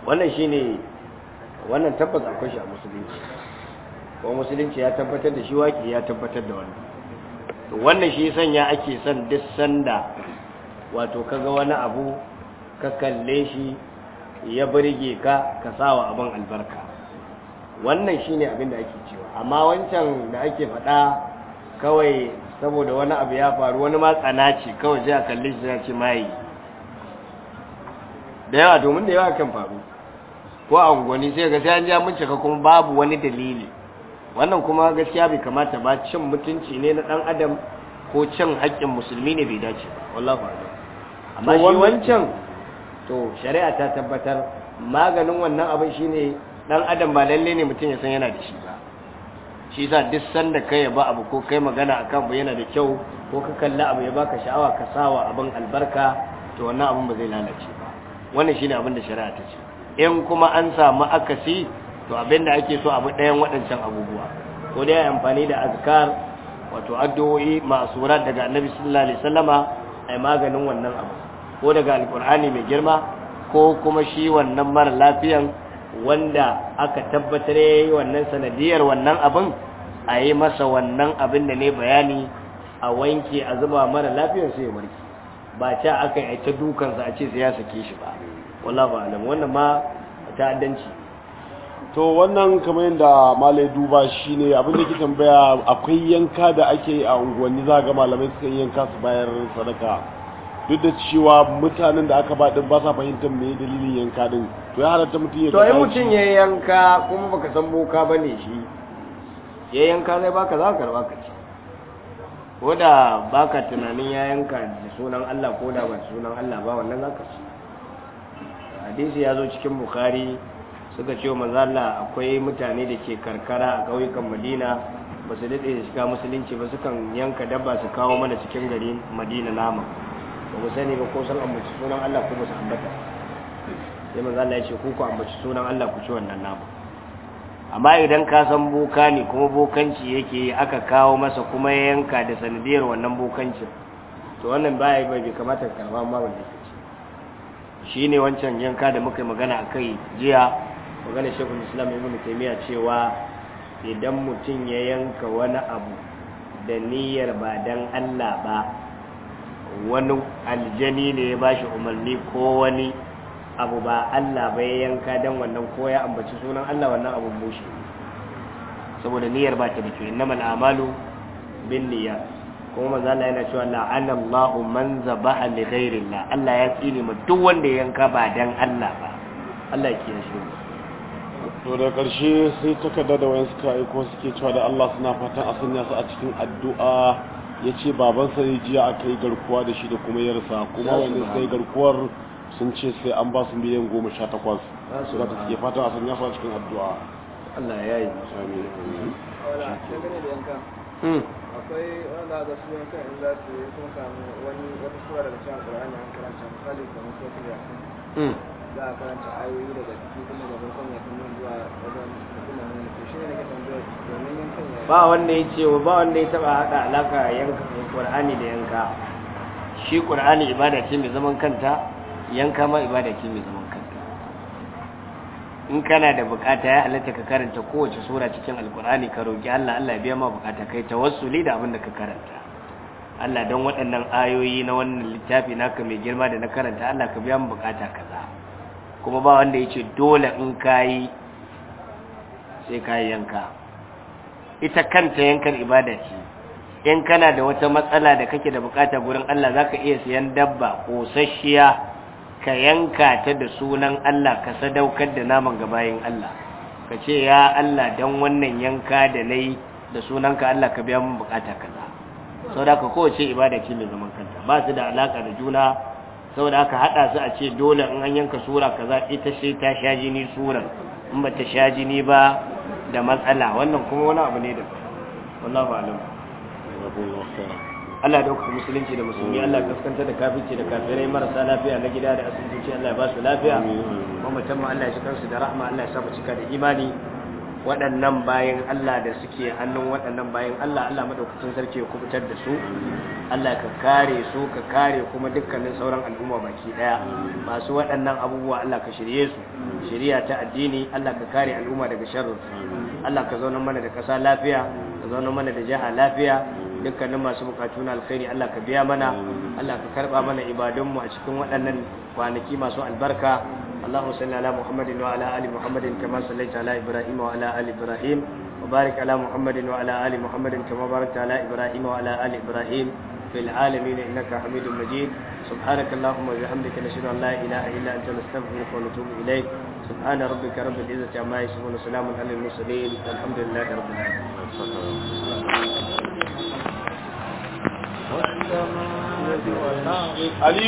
wannan shine wannan tabbas akwai shi a musulunci ko musulunci ya tabbatar da shi waki ya tabbatar da wannan to wannan shi sanya ake son duk sanda wato kaga wani abu ka kalle shi ya burge ka ka sawa abin albarka wannan shine abin da ake cewa amma wancan da ake faɗa kawai saboda wani abu ya faru wani ma tsana ce kawai sai a kalle shi ya ce mai da yawa domin da yawa kan faru ko a unguwanni sai ga sai an ja mun ka kuma babu wani dalili wannan kuma gaskiya bai kamata ba cin mutunci ne na dan adam ko cin haƙƙin musulmi ne bai dace wallahi amma shi wancan to shari'a ta tabbatar maganin wannan abin shine dan adam ba lalle ne mutum ya san yana da shi ba shi yasa duk sanda kai ya ba abu ko kai magana akan ba yana da kyau ko ka kalla abu ya baka sha'awa ka sawa abin albarka to wannan abin ba zai lalace ba wannan shine abin da shari'a ta ce in kuma an samu akasi to da ake so abu ɗayan waɗancan abubuwa ko dai amfani da azkar wato addu'o'i ma'surat daga annabi sallallahu alaihi wasallama ai maganin wannan abu ko daga alkur'ani mai girma ko kuma shi wannan mara lafiyan wanda aka tabbatar yayi wannan sanadiyar wannan abin a masa wannan abin da ne bayani a wanke a zuba mara lafiyar sai ya warke ba ta aka yi ta dukansa a ce sai ya sake shi ba wallahi ba alam wannan ma ta'addanci to wannan kamar yadda malai duba shi ne abin da ke tambaya akwai yanka da ake a unguwanni za ga malamai suka yanka su bayar sadaka duk da cewa mutanen da aka baɗin ba sa fahimtar me dalilin yanka din to ya halatta mutum ya to yi mutum ya yanka kuma baka san boka ba ne shi ya yanka zai baka za ka karba ka ci ko da baka tunanin ya yanka da sunan Allah ko da ba sunan Allah ba wannan za ka ci hadisi ya zo cikin bukhari suka ce wa mazala akwai mutane da ke karkara a ƙauyukan madina ba su daɗe da shiga musulunci ba sukan yanka dabba su kawo mana cikin gari madina nama ba ku sani ba ko san ambaci sunan allah ko ba su ambata sai mazala ya ce ku ku ambaci sunan allah ku ci wannan nama amma idan ka san boka ne kuma bokanci yake aka kawo masa kuma ya yanka da sanadiyar wannan bokancin to wannan baya bai bai kamata karɓa ma wanda ke ci shi ne wancan yanka da muka yi magana a kai jiya magana shekul islam ibn taymiya cewa idan mutum ya yanka wani abu da niyyar ba dan Allah ba wani aljani ne ya bashi umarni ko wani abu ba Allah ba ya yanka dan wannan ko ya ambaci sunan Allah wannan abun bushe saboda niyyar ba ta da kyau mal a'malu bin niyya kuma manzo Allah yana cewa la anallahu man zabaha li ghairillah Allah ya tsine mu duk wanda ya yanka ba dan Allah ba Allah ya kiyaye shi to da karshe sai takarda da wayan suka aiko suke cewa da Allah suna fatan a sanya su a cikin addu'a ya ce babansa ne jiya aka yi garkuwa da shi da kuma yarsa kuma wani sai garkuwar sun ce sai an ba su miliyan goma sha takwas su da suke fatan a sanya su a cikin addu'a Allah ya yi sami hmm. akwai wanda da su yankan in za su yi sun samu wani wata sura daga cikin alƙur'ani an karanta misali kamar sura ta yasin hmm. za a karanta ayoyi daga ciki kuma da zuwa wajen mutum to shi ne nake tambayar domin yankan ya ba wanda ya ce ba wanda ya taba hada alaka yanka qur'ani da yanka shi ƙur'ani ibada ce mai zaman kanta yanka ma ibada ce mai zaman kanta in kana da bukata ya halatta ka karanta kowace sura cikin alkur'ani ka roƙi Allah Allah ya biya ma bukata kai tawassuli da abin da ka karanta Allah don waɗannan ayoyi na wannan littafi naka mai girma da na karanta Allah ka biya mu bukata kaza kuma ba wanda ya ce dole in kayi sai kayi yanka ita kanta yankan ibada ce in kana da wata matsala da kake da bukata gurin Allah zaka iya siyan dabba sashiya ka yanka ta da sunan Allah ka sadaukar da naman gabayin Allah ka ce ya Allah dan wannan yanka da nayi da sunanka Allah ka biya min bukata kaza saboda ka kowace ibada ce mai zaman kanta ba su da alaka da juna saboda aka hada su a ce dole in an yanka sura kaza ita ce ta sha jini suran in ba ta sha jini ba da matsala wannan kuma wani abu ne da wallahu alam Allah da hukumar musulunci da musulmi Allah kaskanta da kafirci da kafirai marasa lafiya na gida da asibitoci Allah ya ba su lafiya mamatan mu Allah ya shi kansu da rahma Allah ya sa mu cika da imani waɗannan bayan Allah da suke hannun waɗannan bayan Allah Allah madaukakin sarki ya kubutar da su Allah ka kare su ka kare kuma dukkanin sauran al'umma baki ɗaya. masu waɗannan abubuwa Allah ka shirye su shiriya ta addini Allah ka kare al'umma daga sharri Allah ka zauna mana da ƙasa lafiya ka zauna mana da jiha lafiya dukkanin masu bukatu na alkhairi Allah ka biya mana Allah ka karba mana ibadunmu a cikin waɗannan kwanaki masu albarka Allahumma salli ala Muhammadin wa ala ali Muhammadin kama sallaita ala Ibrahim wa ala ali Ibrahim wa barik ala Muhammadin wa ala ali Muhammadin kama barakta ala Ibrahim wa ala ali Ibrahim fil alamin innaka Hamidum Majid subhanaka Allahumma wa bihamdika nashhadu an la ilaha illa anta nastaghfiruka wa natubu ilayk سبحان ربك رب العزة عما يصفون وسلام على المرسلين والحمد لله رب العالمين علی